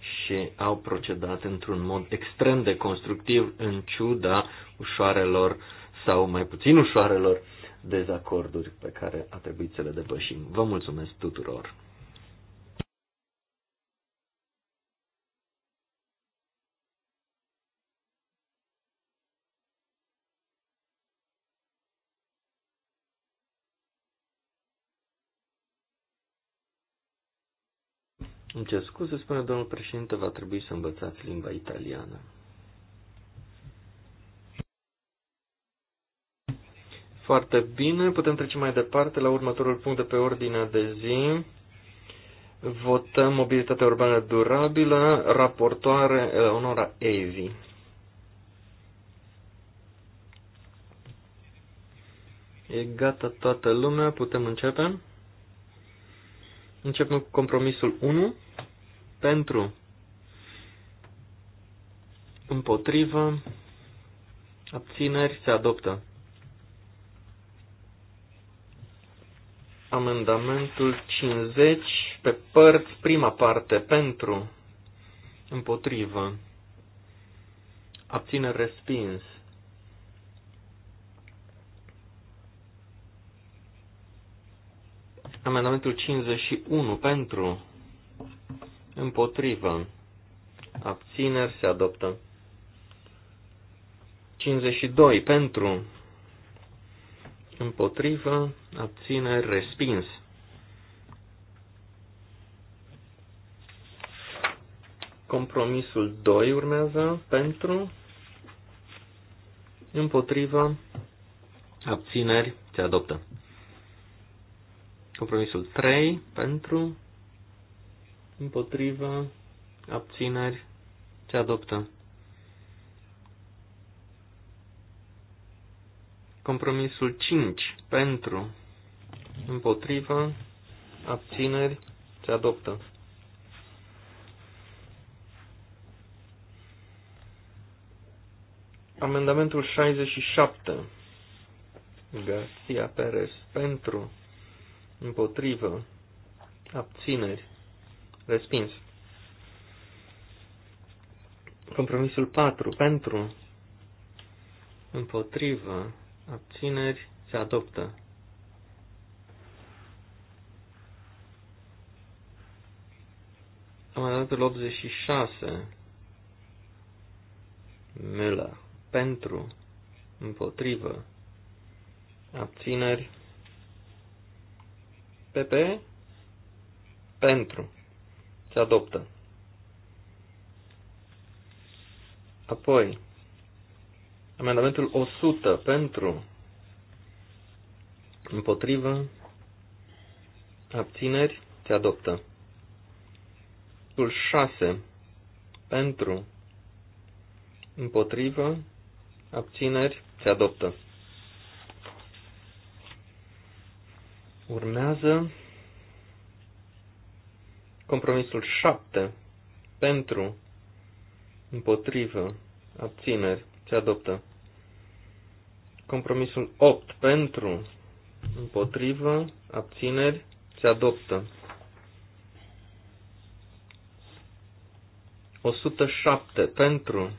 și au procedat într-un mod extrem de constructiv în ciuda ușoarelor sau mai puțin ușoarelor dezacorduri pe care a trebuit să le depășim. Vă mulțumesc tuturor! Îmi cer scuze, spune domnul președinte, va trebui să învățați limba italiană. Foarte bine, putem trece mai departe la următorul punct de pe ordinea de zi. Votăm mobilitatea urbană durabilă, raportoare Eleonora Evi. E gata toată lumea, putem începe? Începem cu compromisul 1. Pentru, împotrivă, abțineri, se adoptă. Amendamentul 50 pe părți, prima parte, pentru, împotrivă, abțineri, respins. Amendamentul 51 pentru, împotrivă, abțineri se adoptă. 52 pentru, împotrivă, abțineri respins. Compromisul 2 urmează pentru, împotrivă, abțineri, se adoptă. Compromisul 3 pentru, împotriva, abțineri, ce adoptă. Compromisul 5 pentru, împotriva, abțineri, ce adoptă. Amendamentul 67. Garcia Perez pentru împotrivă, abțineri, respins. Compromisul 4, pentru, împotrivă, abțineri, se adoptă. Amendamentul 86, Mela, pentru, împotrivă, abțineri, PP pentru. Se adoptă. Apoi, amendamentul 100 pentru, împotrivă, abțineri, se adoptă. Amendamentul 6 pentru, împotrivă, abțineri, se adoptă. Urmează compromisul 7 pentru, împotrivă, abțineri, se adoptă. Compromisul 8 pentru, împotrivă, abțineri, se adoptă. 107 pentru,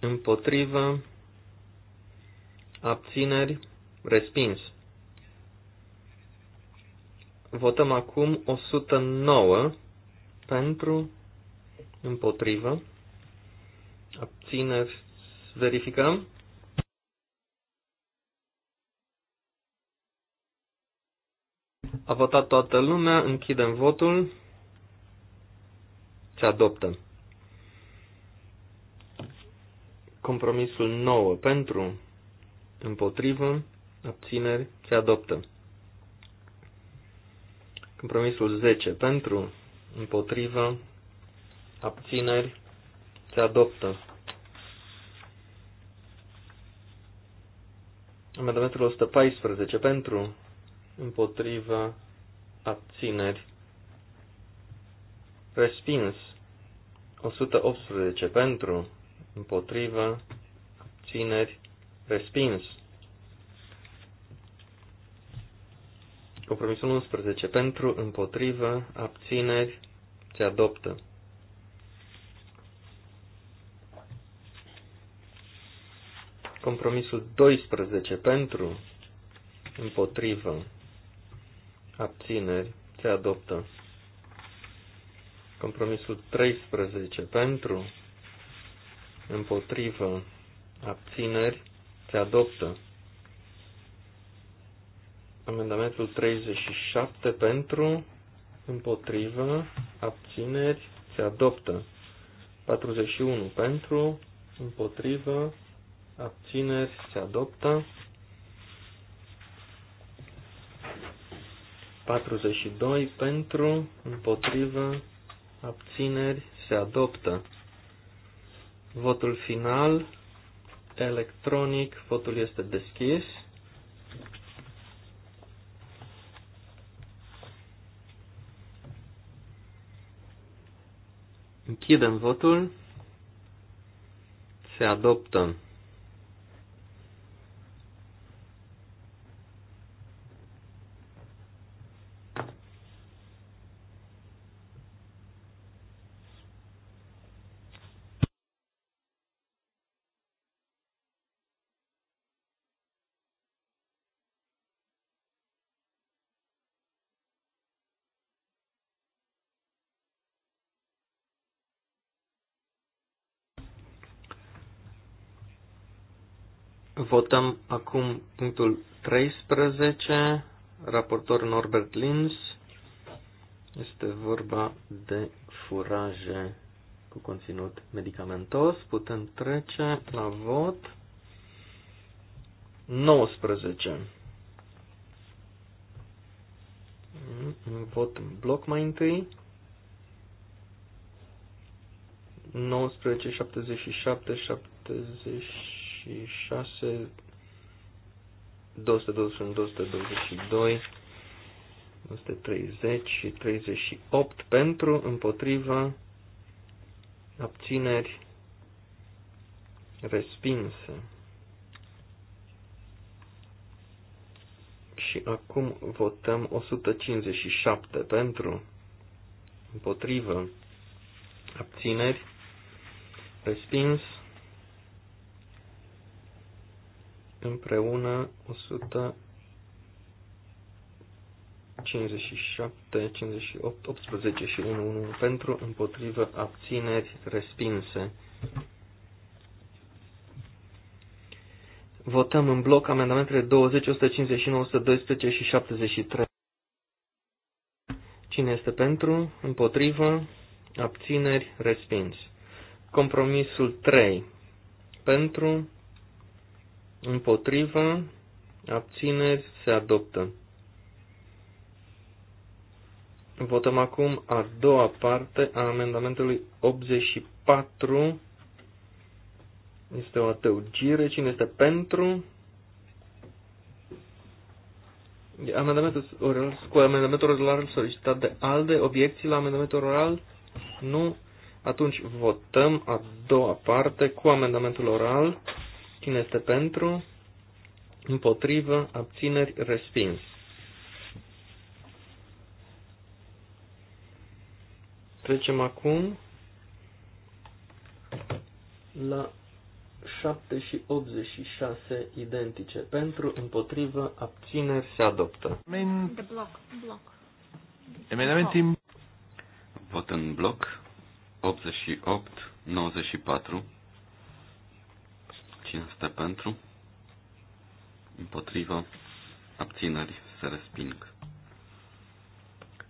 împotrivă, abțineri, respins. Votăm acum 109 pentru, împotrivă, abțineri, verificăm. A votat toată lumea, închidem votul, se adoptă. Compromisul 9 pentru, împotrivă, abțineri, se adoptă. Compromisul 10 pentru, împotrivă, abțineri, se adoptă. Amendamentul 114 pentru, împotrivă, abțineri, respins. 118 pentru, împotrivă, abțineri, respins. Compromisul 11. Pentru, împotrivă, abțineri, se adoptă. Compromisul 12. Pentru, împotrivă, abțineri, se adoptă. Compromisul 13. Pentru, împotrivă, abțineri, se adoptă. Amendamentul 37 pentru, împotrivă, abțineri, se adoptă. 41 pentru, împotrivă, abțineri, se adoptă. 42 pentru, împotrivă, abțineri, se adoptă. Votul final, electronic, votul este deschis. Închidem votul. Se adoptă Votăm acum punctul 13, raportor Norbert Linz. Este vorba de furaje cu conținut medicamentos. Putem trece la vot 19. Un vot în bloc mai întâi. 19, 77, 70. 226, 221, 222, 230 și 38 pentru, împotriva, abțineri, respinse. Și acum votăm 157 pentru, împotrivă, abțineri, respins, împreună 157, 58, 18 și 1, 1 pentru împotrivă abțineri respinse. Votăm în bloc amendamentele 20, 159, 112 și 73. Cine este pentru? Împotrivă? Abțineri? Respins. Compromisul 3. Pentru? împotrivă, abțineri, se adoptă. Votăm acum a doua parte a amendamentului 84. Este o atăugire. Cine este pentru? Amendamentul oral, cu amendamentul oral solicitat de ALDE, obiecții la amendamentul oral? Nu. Atunci votăm a doua parte cu amendamentul oral. Cine este pentru? Împotrivă, abțineri, respins. Trecem acum la 7 și 86 identice. Pentru, împotrivă, abțineri se adoptă. Amend... Bloc. Vot în bloc 88, 94, Cine este pentru? Împotrivă. Abțineri. Se resping.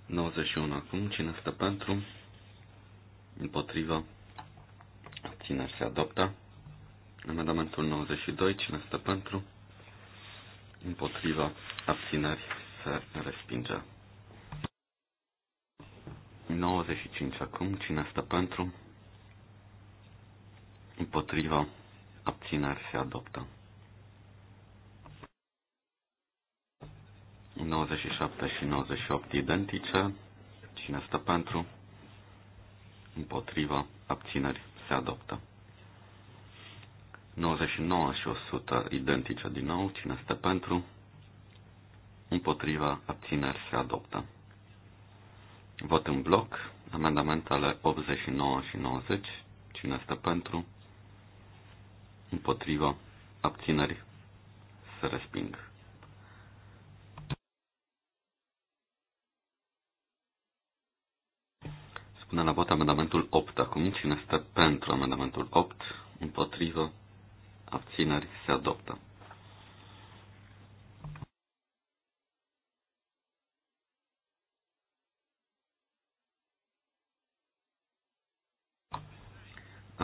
91 acum. Cine este pentru? Împotrivă. Abțineri. Se adoptă. Amendamentul 92. Cine este pentru? Împotrivă. Abțineri. Se respinge. 95 acum. Cine stă pentru? Împotriva abțineri se adoptă. 97 și 98 identice. Cine stă pentru? Împotriva abțineri se adoptă. 99 și 100 identice din nou. Cine stă pentru? Împotriva abțineri se adoptă. Vot în bloc. Amendamentele 89 și 90. Cine stă pentru? împotriva, abțineri, să resping. Spune la vot amendamentul 8 acum. Cine stă pentru amendamentul 8, împotrivă, abțineri, se adoptă.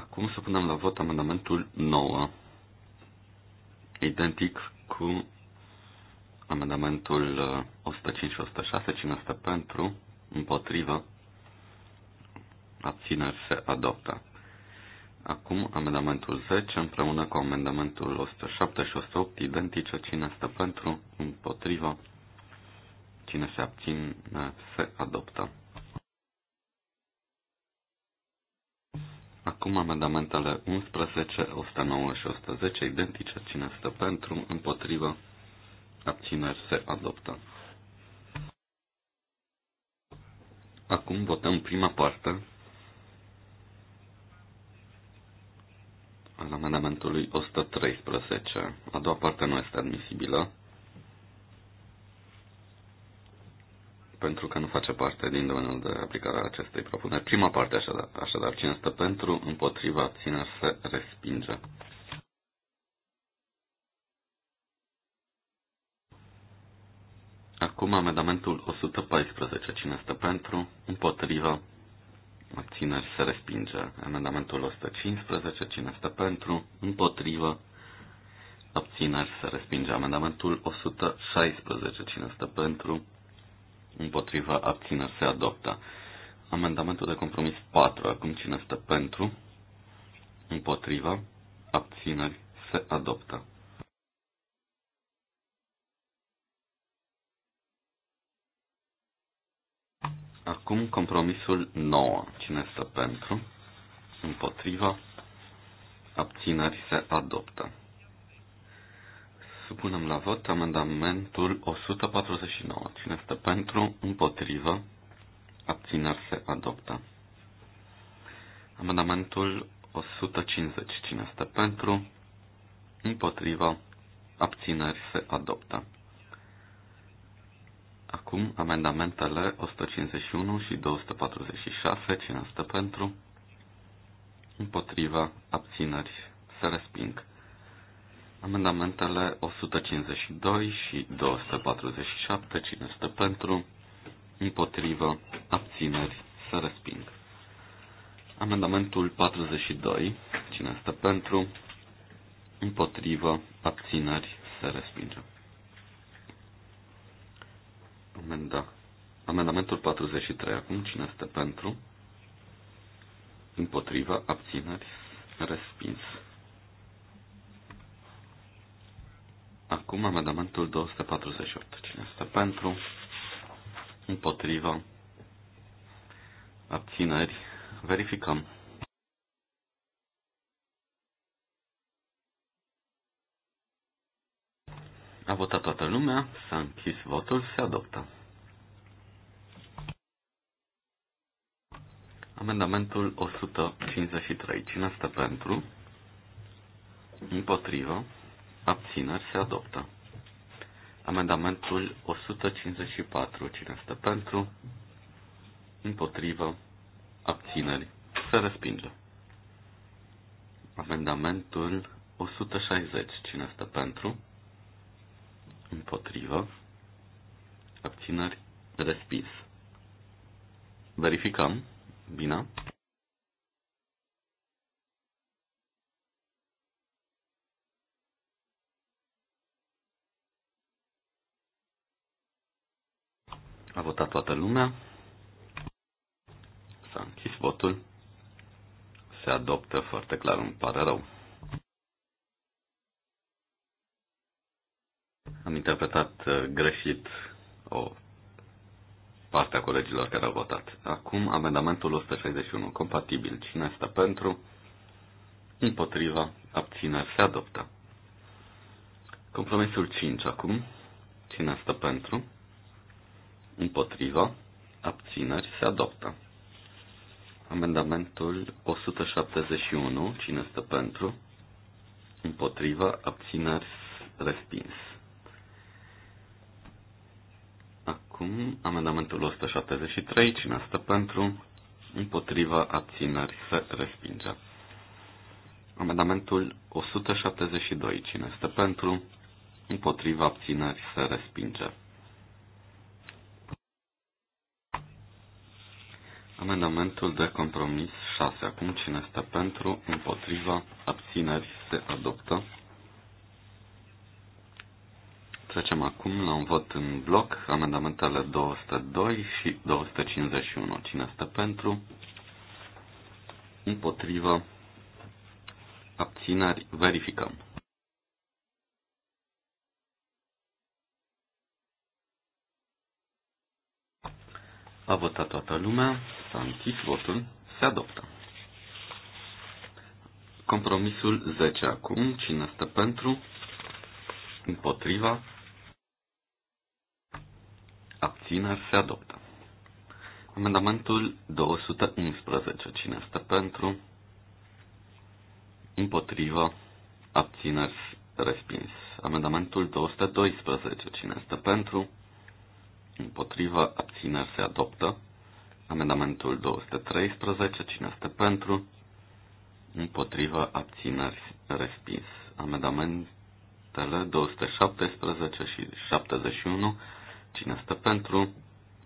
Acum să punem la vot amendamentul 9, identic cu amendamentul 105 uh, și 106. Cine este pentru? Împotrivă? Abțineri se adoptă. Acum amendamentul 10 împreună cu amendamentul 107 și 108 identice. Cine este pentru? Împotrivă? Cine se abține se adoptă. Acum amendamentele 11, 109 și 110 identice. Cine stă pentru, împotrivă, abțineri se adoptă. Acum votăm prima parte al amendamentului 113. A doua parte nu este admisibilă. pentru că nu face parte din domeniul de aplicare a acestei propuneri. Prima parte, așadar, așadar cine stă pentru, împotriva, ține se respinge. Acum amendamentul 114. Cine stă pentru? Împotriva? Abțineri se respinge. Amendamentul 115. Cine stă pentru? Împotriva? Abțineri se respinge. Amendamentul 116. Cine stă pentru? împotriva, abțină se adoptă. Amendamentul de compromis 4, acum cine este pentru, împotriva, abțineri, se adoptă. Acum compromisul 9. Cine stă pentru? Împotriva? Abțineri se adoptă. Supunem la vot amendamentul 149. Cine este pentru, împotrivă, abțineri se adoptă. Amendamentul 150. Cine este pentru, împotrivă, abțineri se adoptă. Acum amendamentele 151 și 246. Cine este pentru, împotriva, abțineri se resping. Amendamentele 152 și 247, cine pentru, împotrivă, abțineri, să resping. Amendamentul 42, cine pentru, împotrivă, abțineri, să respinge. Amenda. Amendamentul 43, acum, cine pentru, împotrivă, abțineri, respins. Acum amendamentul 248. Cine este pentru? Împotrivă? Abțineri? Verificăm. A votat toată lumea, s-a închis votul, se adoptă. Amendamentul 153. Cine este pentru? Împotrivă? abțineri se adoptă. Amendamentul 154. Cine stă pentru? Împotrivă. Abțineri. Se respinge. Amendamentul 160. Cine stă pentru? Împotrivă. Abțineri. Respins. Verificăm. Bine. A votat toată lumea. S-a închis votul. Se adoptă foarte clar, îmi pare rău. Am interpretat uh, greșit o parte a colegilor care au votat. Acum, amendamentul 161, compatibil. Cine este pentru? Împotriva, abține, se adoptă. Compromisul 5 acum. Cine este pentru? împotriva, abțineri, se adoptă. Amendamentul 171, cine stă pentru, împotriva, abțineri, respins. Acum, amendamentul 173, cine stă pentru, împotriva, abțineri, se respinge. Amendamentul 172, cine stă pentru, împotriva, abțineri, se respinge. Amendamentul de compromis 6. Acum cine este pentru, împotriva, abțineri se adoptă. Trecem acum la un vot în bloc, amendamentele 202 și 251. Cine este pentru, împotriva, abțineri, verificăm. A votat toată lumea. S-a închis votul. Se adoptă. Compromisul 10 acum. Cine stă pentru? Împotriva? Abțineri? Se adoptă. Amendamentul 211. Cine stă pentru? Împotriva? Abțineri? Respins. Amendamentul 212. Cine stă pentru? Împotriva? Abțineri? Se adoptă. Amendamentul 213, cine este pentru? Împotrivă, abțineri, respins. Amendamentele 217 și 71, cine este pentru?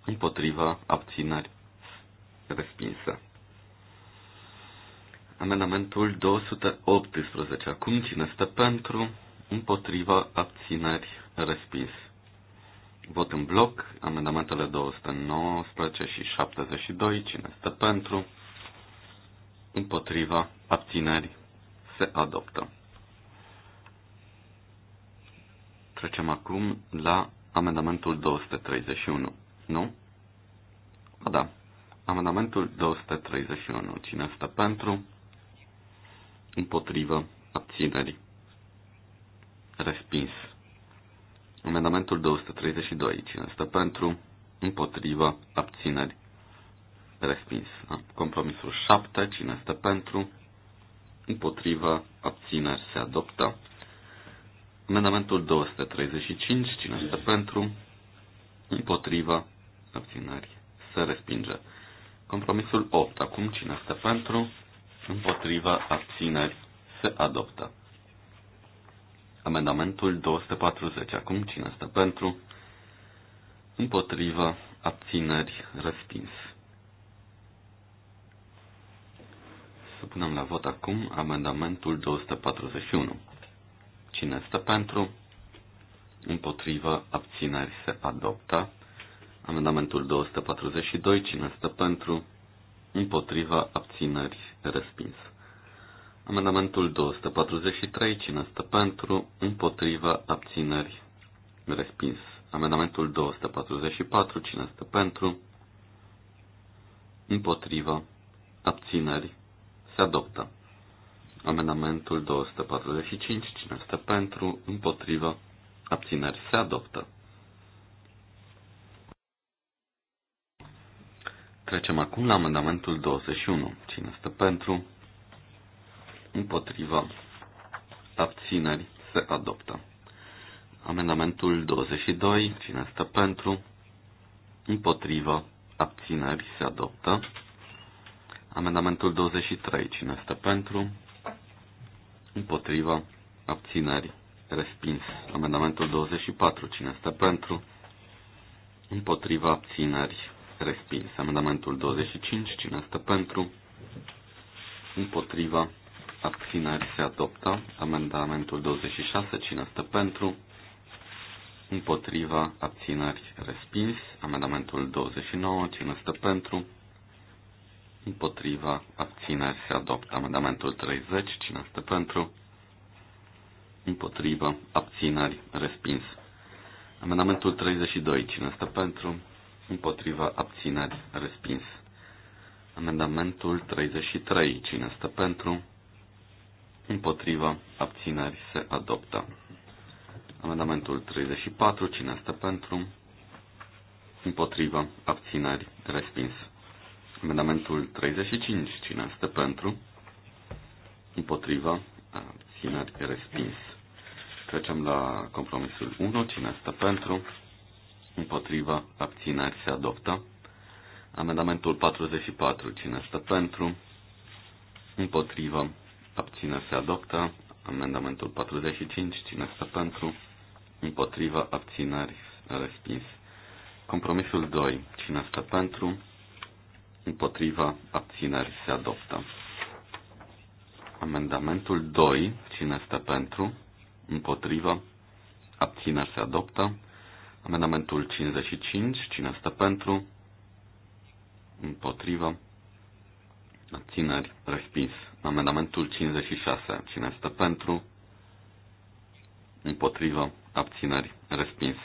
Împotrivă, abțineri, respinsă. Amendamentul 218. Acum cine este pentru, împotriva, abțineri, respins. Vot în bloc, amendamentele 219 și 72, cine stă pentru, împotriva, abțineri, se adoptă. Trecem acum la amendamentul 231, nu? A, da. Amendamentul 231, cine stă pentru, împotrivă, abțineri, respins. Amendamentul 232. Cine stă pentru? Împotriva. Abțineri. Respins. Compromisul 7. Cine stă pentru? Împotriva. Abțineri. Se adoptă. Amendamentul 235. Cine stă pentru? Împotriva. Abțineri. Se respinge. Compromisul 8. Acum cine stă pentru? Împotriva. Abțineri. Se adoptă. Amendamentul 240. Acum cine stă pentru? Împotrivă. Abțineri. Respins. Să punem la vot acum amendamentul 241. Cine stă pentru? Împotrivă. Abțineri. Se adoptă. Amendamentul 242. Cine stă pentru? Împotrivă. Abțineri. Respins. Amendamentul 243, cine stă pentru, împotriva, abțineri, respins. Amendamentul 244, cine stă pentru, împotriva, abțineri, se adoptă. Amendamentul 245, cine stă pentru, împotriva, abțineri, se adoptă. Trecem acum la amendamentul 21. Cine stă pentru? împotriva, abțineri, se adoptă. Amendamentul 22, cine stă pentru, împotriva, abțineri, se adoptă. Amendamentul 23, cine stă pentru, împotriva, abțineri, respins. Amendamentul 24, cine stă pentru, împotriva, abțineri, respins. Amendamentul 25, cine stă pentru, împotriva, final se adoptă. Amendamentul 26, cine stă pentru? Împotriva, abțineri respins. Amendamentul 29, cine stă pentru? Împotriva, abțineri se adoptă. Amendamentul 30, cine stă pentru? Împotriva, abțineri respins. Amendamentul 32, cine stă pentru? Împotriva, abțineri respins. Amendamentul 33, cine stă pentru? împotriva, abțineri se adoptă. Amendamentul 34, cine este pentru, împotriva, abțineri respins. Amendamentul 35, cine este pentru, împotriva, abțineri respins. Trecem la compromisul 1, cine este pentru, împotriva, abțineri se adoptă. Amendamentul 44, cine este pentru, împotriva, abține se adoptă. Amendamentul 45, cine stă pentru, împotriva, abțineri, respins. Compromisul 2, cine stă pentru, împotriva, abțineri, se adoptă. Amendamentul 2, cine stă pentru, împotriva, abțineri, se adoptă. Amendamentul 55, cine stă pentru, împotriva, Abțineri. Respins. Amendamentul 56. Cine stă pentru? Împotrivă. Abțineri. Respins.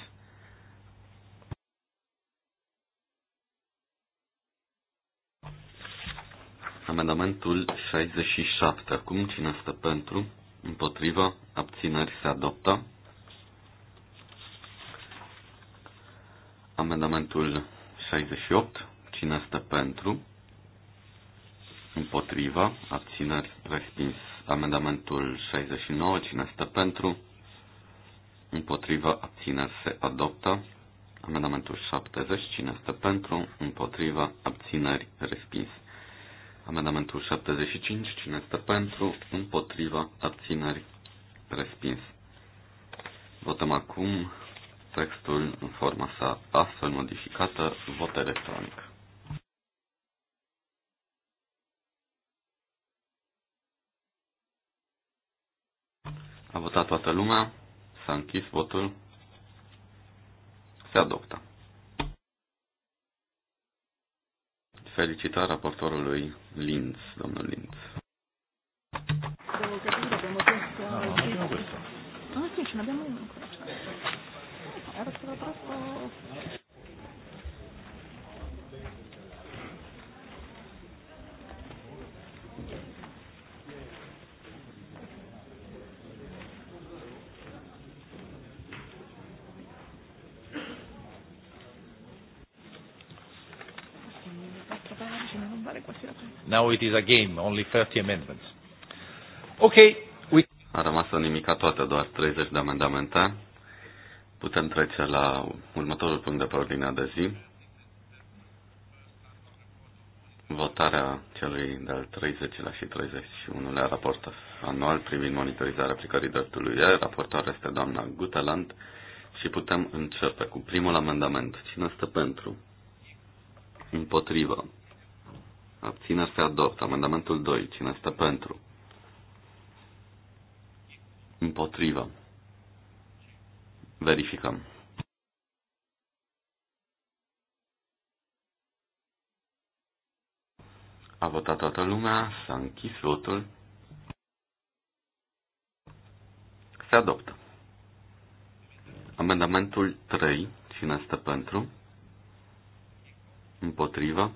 Amendamentul 67. Acum cine stă pentru? Împotrivă. Abțineri. Se adoptă. Amendamentul 68. Cine stă pentru? împotriva, abțineri, respins. Amendamentul 69, cine este pentru, împotriva, abțineri, se adoptă. Amendamentul 70, cine este pentru, împotriva, abțineri, respins. Amendamentul 75, cine este pentru, împotriva, abțineri, respins. Votăm acum textul în forma sa astfel modificată, vot electronic. A votat toată lumea. S-a închis votul. Se adoptă. Felicitări raportorului Linz, domnul Linz. Ah, ce ne abbiamo uno ancora. Era solo troppo Now it is a game, only 30 amendments. Okay, We... A rămas nimica toată, doar 30 de amendamente. Putem trece la următorul punct de pe ordinea de zi. Votarea celui de-al 30-lea și 31-lea raport anual privind monitorizarea aplicării dreptului E. Raportoare este doamna Guteland și putem începe cu primul amendament. Cine stă pentru? Împotrivă. Abțineri se adoptă. Amendamentul 2. Cine este pentru? Împotrivă. Verificăm. A votat toată lumea, s-a închis votul. Se adoptă. Amendamentul 3. Cine este pentru? Împotrivă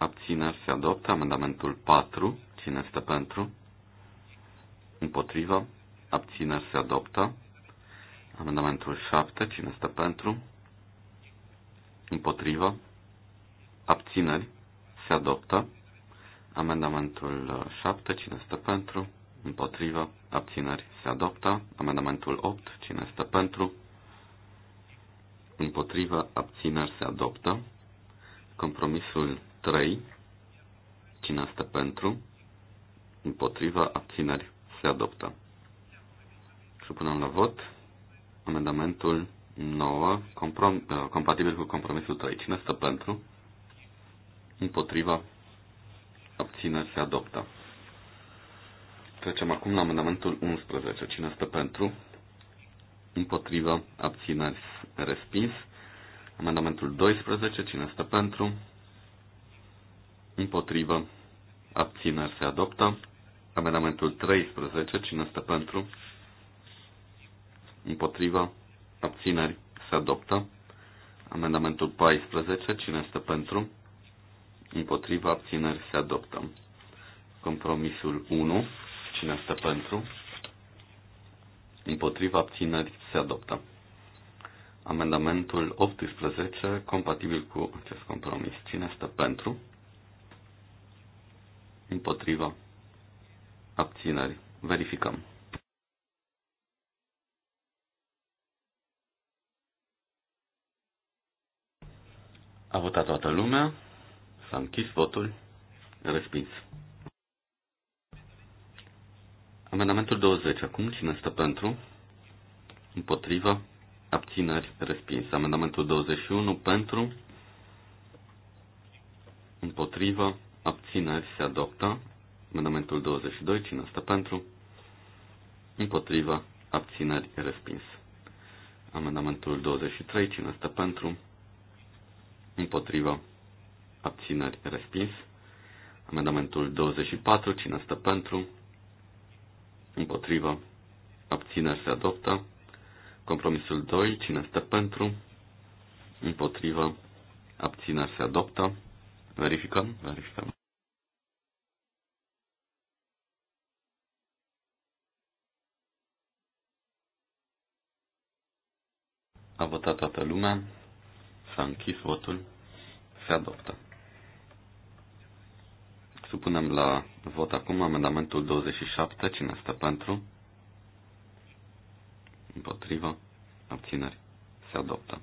abțineri se adoptă. Amendamentul 4, cine este pentru? Împotrivă, abțineri se adoptă. Amendamentul 7, cine este pentru? Împotrivă, abțineri se adoptă. Amendamentul 7, cine este pentru? Împotrivă, abțineri se adoptă. Amendamentul 8, cine este pentru? Împotrivă, abțineri se adoptă. Compromisul 3. Cine stă pentru? Împotriva abțineri se adoptă. Supunem la vot amendamentul 9, comprom- uh, compatibil cu compromisul 3. Cine stă pentru? Împotriva abțineri se adoptă. Trecem acum la amendamentul 11. Cine stă pentru? Împotriva abțineri respins. Amendamentul 12. Cine stă pentru? împotrivă, abțineri se adoptă. Amendamentul 13, cine este pentru, împotrivă, abțineri se adoptă. Amendamentul 14, cine este pentru, împotrivă, abțineri se adoptă. Compromisul 1, cine este pentru, împotriva abțineri se adoptă. Amendamentul 18, compatibil cu acest compromis. Cine este pentru? împotriva, abțineri. Verificăm. A votat toată lumea, s-a închis votul, respins. Amendamentul 20. Acum cine stă pentru? Împotriva? Abțineri? Respins. Amendamentul 21. Pentru? Împotriva? abțineri se adoptă. Amendamentul 22, cine stă pentru? Împotriva, abțineri respins. Amendamentul 23, cine stă pentru? Împotriva, abțineri respins. Amendamentul 24, cine stă pentru? Împotriva, abțineri se adoptă. Compromisul 2, cine stă pentru? Împotriva, abțineri se adoptă. Verificăm? Verificăm. A votat toată lumea. S-a închis votul. Se adoptă. Supunem la vot acum amendamentul 27. Cine stă pentru? Împotrivă? Abțineri? Se adoptă.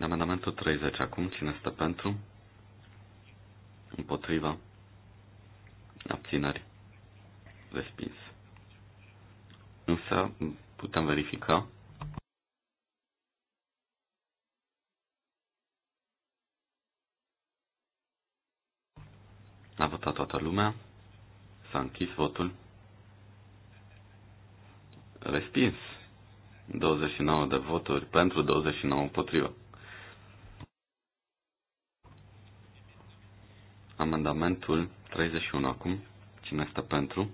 Amendamentul 30 acum. Cine stă pentru? Împotriva? Abținări? Respins. Însă putem verifica. A votat toată lumea. S-a închis votul. Respins. 29 de voturi pentru 29 împotriva. Amendamentul 31 acum. Cine este pentru?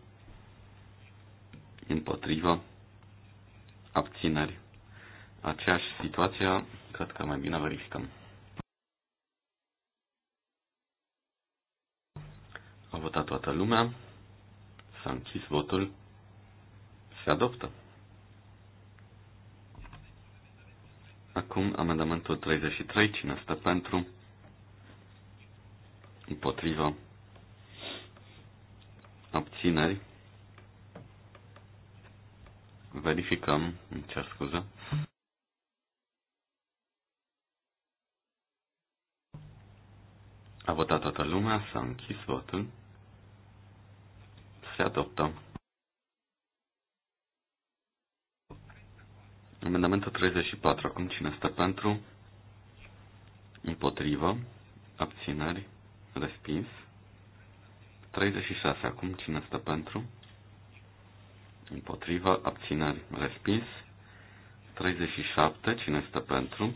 Împotrivă. Abțineri. Aceeași situație, cred că mai bine verificăm. A votat toată lumea. S-a închis votul. Se adoptă. Acum amendamentul 33. Cine stă pentru? împotriva abțineri, verificăm, îmi cer scuză. A votat toată lumea, s-a închis votul, se adoptă. Amendamentul 34. Acum cine stă pentru? Împotrivă? Abțineri? Respins. 36 acum. Cine stă pentru? Împotriva. Abțineri. Respins. 37. Cine stă pentru?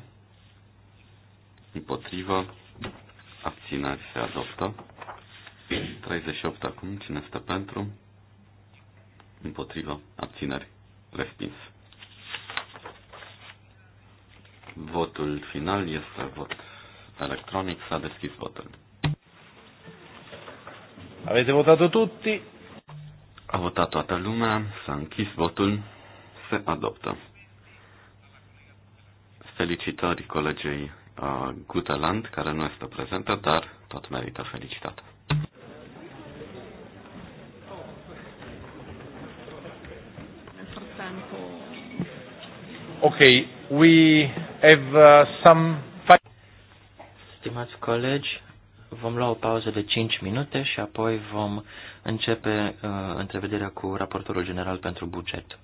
Împotriva. Abțineri. Se adoptă. 38 acum. Cine stă pentru? Împotriva. Abțineri. Respins. Votul final este vot electronic. S-a deschis votul. Avete votato tutti? A votat toată lumea, s-a închis votul, se adoptă. Felicitări colegei uh, Guteland, care nu este prezentă, dar tot merită felicitată. Ok, we have uh, some... Stimați colegi, Vom lua o pauză de 5 minute și apoi vom începe uh, întrevederea cu raportorul general pentru buget.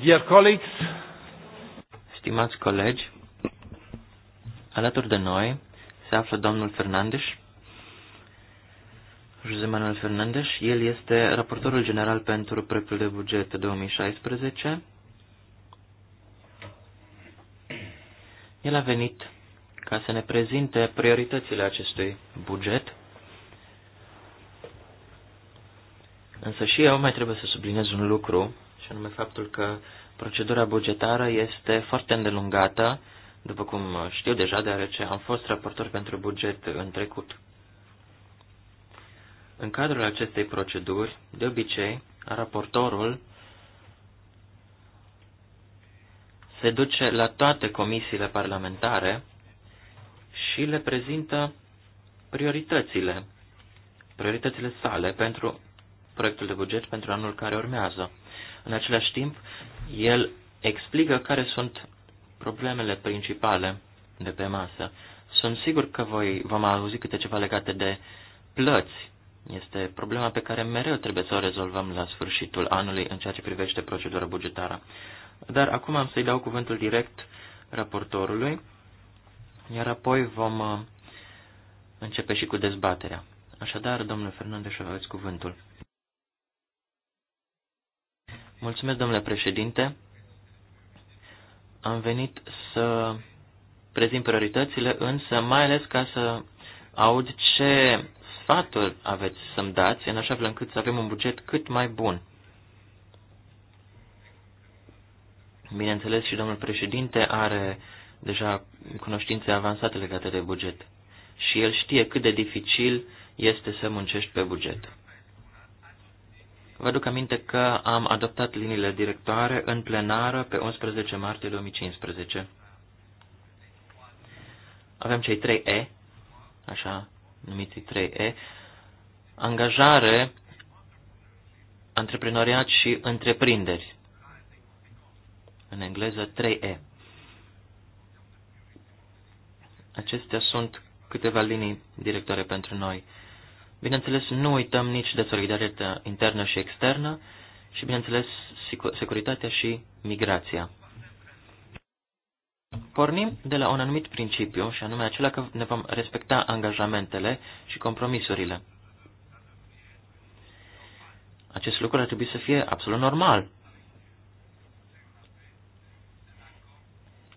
Dear colleagues, stimați colegi, alături de noi se află domnul Fernandes, José Manuel Fernandes. El este raportorul general pentru proiectul de buget 2016. El a venit ca să ne prezinte prioritățile acestui buget. Însă și eu mai trebuie să subliniez un lucru și anume faptul că procedura bugetară este foarte îndelungată, după cum știu deja, deoarece am fost raportor pentru buget în trecut. În cadrul acestei proceduri, de obicei, raportorul se duce la toate comisiile parlamentare și le prezintă prioritățile, prioritățile sale pentru proiectul de buget pentru anul care urmează. În același timp, el explică care sunt problemele principale de pe masă. Sunt sigur că voi vom auzi câte ceva legate de plăți. Este problema pe care mereu trebuie să o rezolvăm la sfârșitul anului în ceea ce privește procedura bugetară. Dar acum am să-i dau cuvântul direct raportorului, iar apoi vom uh, începe și cu dezbaterea. Așadar, domnule Fernandez, aveți cuvântul. Mulțumesc, domnule președinte. Am venit să prezint prioritățile, însă mai ales ca să aud ce sfaturi aveți să-mi dați, în așa fel încât să avem un buget cât mai bun. Bineînțeles, și domnul președinte are deja cunoștințe avansate legate de buget. Și el știe cât de dificil este să muncești pe buget. Vă aduc aminte că am adoptat liniile directoare în plenară pe 11 martie 2015. Avem cei 3 E, așa numiți 3 E, angajare, antreprenoriat și întreprinderi. În engleză 3 E. Acestea sunt câteva linii directoare pentru noi. Bineînțeles, nu uităm nici de solidaritatea internă și externă și, bineînțeles, securitatea și migrația. Pornim de la un anumit principiu, și anume acela că ne vom respecta angajamentele și compromisurile. Acest lucru ar trebui să fie absolut normal.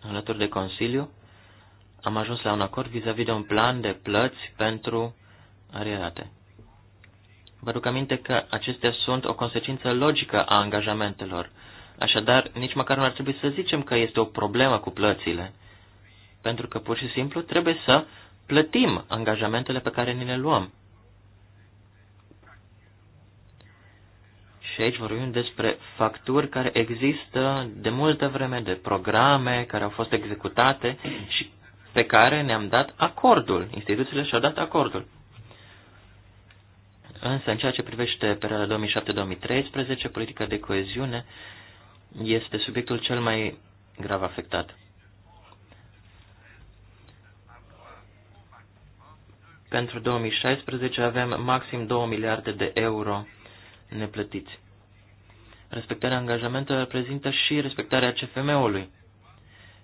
Alături de Consiliu, am ajuns la un acord vis-a-vis -vis de un plan de plăți pentru arierate. Vă duc aminte că acestea sunt o consecință logică a angajamentelor. Așadar, nici măcar nu ar trebui să zicem că este o problemă cu plățile, pentru că pur și simplu trebuie să plătim angajamentele pe care ni le luăm. Și aici vorbim despre facturi care există de multă vreme, de programe care au fost executate și pe care ne-am dat acordul, instituțiile și-au dat acordul. Însă, în ceea ce privește perioada 2007-2013, politica de coeziune este subiectul cel mai grav afectat. Pentru 2016 avem maxim 2 miliarde de euro neplătiți. Respectarea angajamentelor reprezintă și respectarea CFM-ului.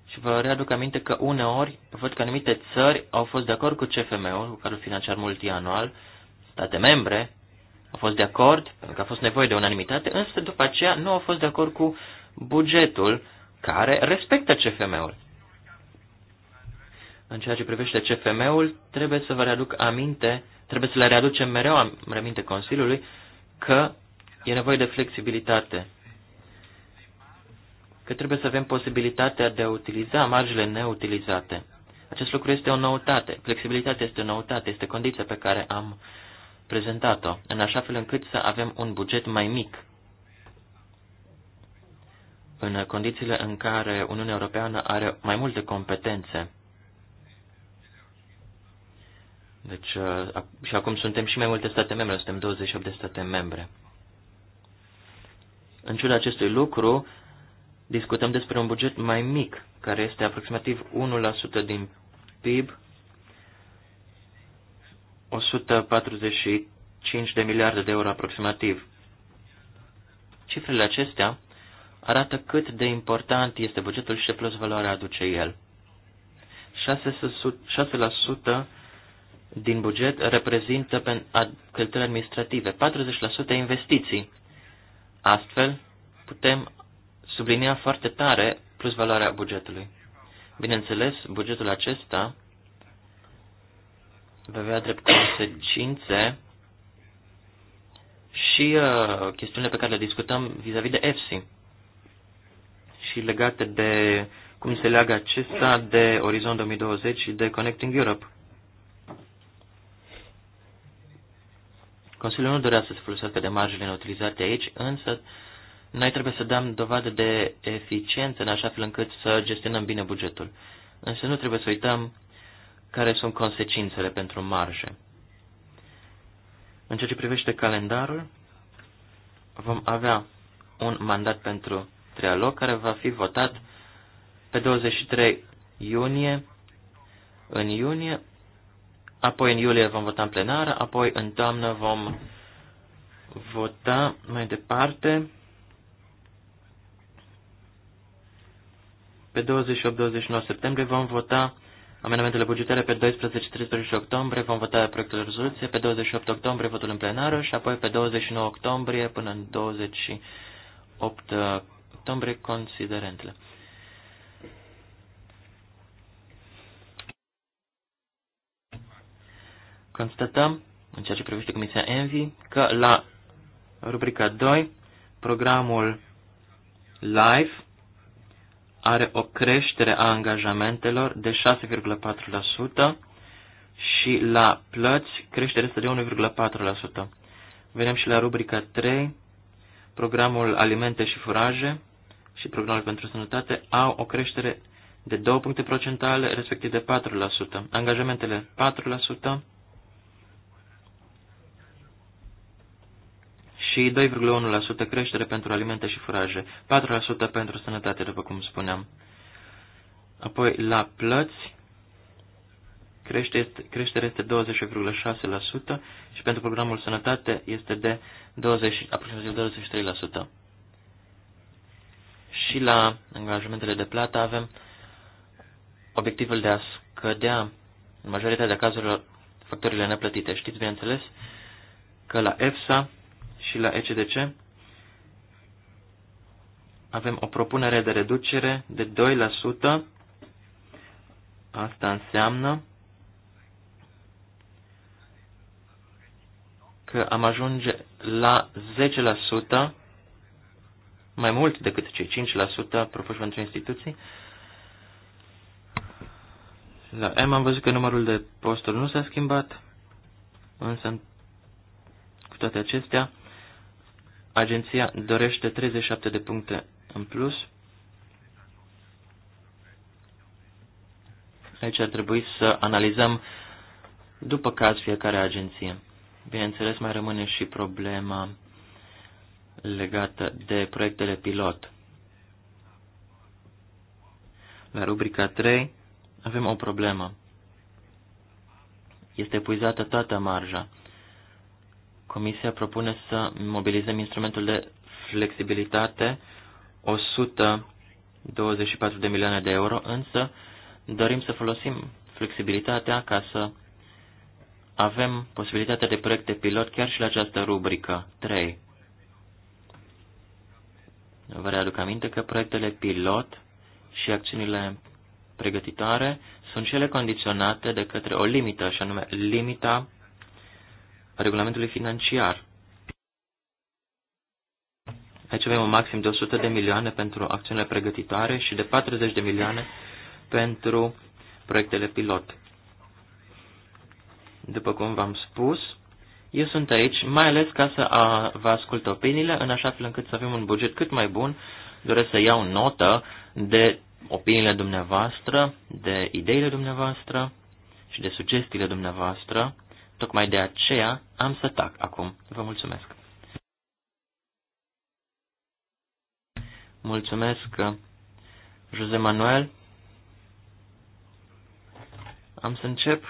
Și vă readuc aminte că uneori văd că anumite țări au fost de acord cu CFM-ul, cu cadrul financiar multianual, state membre au fost de acord, pentru că a fost nevoie de unanimitate, însă după aceea nu au fost de acord cu bugetul care respectă CFM-ul. În ceea ce privește CFM-ul, trebuie să vă readuc aminte, trebuie să le readucem mereu aminte Consiliului că e nevoie de flexibilitate, că trebuie să avem posibilitatea de a utiliza marjele neutilizate. Acest lucru este o noutate. Flexibilitatea este o noutate, este condiția pe care am uh, prezentat-o, în așa fel încât să avem un buget mai mic. În condițiile în care Uniunea Europeană are mai multe competențe. Deci, uh, și acum suntem și mai multe state membre, suntem 28 de state membre. În ciuda acestui lucru, discutăm despre un buget mai mic, care este aproximativ 1% din PIB 145 de miliarde de euro aproximativ. Cifrele acestea arată cât de important este bugetul și ce plus valoare aduce el. 6% din buget reprezintă cheltuieli administrative, 40% investiții. Astfel, putem sublinia foarte tare plus valoarea bugetului. Bineînțeles, bugetul acesta va avea drept consecințe și uh, chestiunile pe care le discutăm vis-a-vis -vis de EFSI și legate de cum se leagă acesta de Orizont 2020 și de Connecting Europe. Consiliul nu dorea să se folosească de marjele utilizate aici, însă noi trebuie să dăm dovadă de eficiență în așa fel încât să gestionăm bine bugetul. Însă nu trebuie să uităm care sunt consecințele pentru marje. În ceea ce privește calendarul, vom avea un mandat pentru trialog care va fi votat pe 23 iunie, în iunie, apoi în iulie vom vota în plenară, apoi în toamnă vom vota mai departe pe 28-29 septembrie vom vota Amendamentele bugetare pe 12-13 octombrie vom vota proiectul de rezoluție, pe 28 octombrie votul în plenară și apoi pe 29 octombrie până în 28 octombrie considerentele. Constatăm, în ceea ce privește Comisia Envi, că la rubrica 2, programul LIFE, are o creștere a angajamentelor de 6,4% și la plăți creșterea este de 1,4%. Venim și la rubrica 3, programul alimente și furaje și programul pentru sănătate au o creștere de 2 puncte procentale, respectiv de 4%. Angajamentele 4%, și 2,1% creștere pentru alimente și furaje, 4% pentru sănătate, după cum spuneam. Apoi, la plăți, creșterea este 20,6% și pentru programul sănătate este de 20, aproximativ 23%. Și la angajamentele de plată avem obiectivul de a scădea, în majoritatea cazurilor, factorile neplătite. Știți, bineînțeles, că la EFSA și la ECDC, avem o propunere de reducere de 2%. Asta înseamnă că am ajunge la 10%, mai mult decât cei 5% propuși pentru instituții. La M am văzut că numărul de posturi nu s-a schimbat, însă cu toate acestea, Agenția dorește 37 de puncte în plus. Aici ar trebui să analizăm după caz fiecare agenție. Bineînțeles, mai rămâne și problema legată de proiectele pilot. La rubrica 3 avem o problemă. Este epuizată toată marja. Comisia propune să mobilizăm instrumentul de flexibilitate 124 de milioane de euro, însă dorim să folosim flexibilitatea ca să avem posibilitatea de proiecte pilot chiar și la această rubrică 3. Vă readuc aminte că proiectele pilot și acțiunile pregătitoare sunt cele condiționate de către o limită, și anume limita a regulamentului financiar. Aici avem un maxim de 100 de milioane pentru acțiunile pregătitoare și de 40 de milioane pentru proiectele pilot. După cum v-am spus, eu sunt aici mai ales ca să vă ascult opiniile, în așa fel încât să avem un buget cât mai bun. Doresc să iau notă de opiniile dumneavoastră, de ideile dumneavoastră și de sugestiile dumneavoastră Tocmai de aceea am să tac acum. Vă mulțumesc. Mulțumesc, Jose Manuel. Am să încep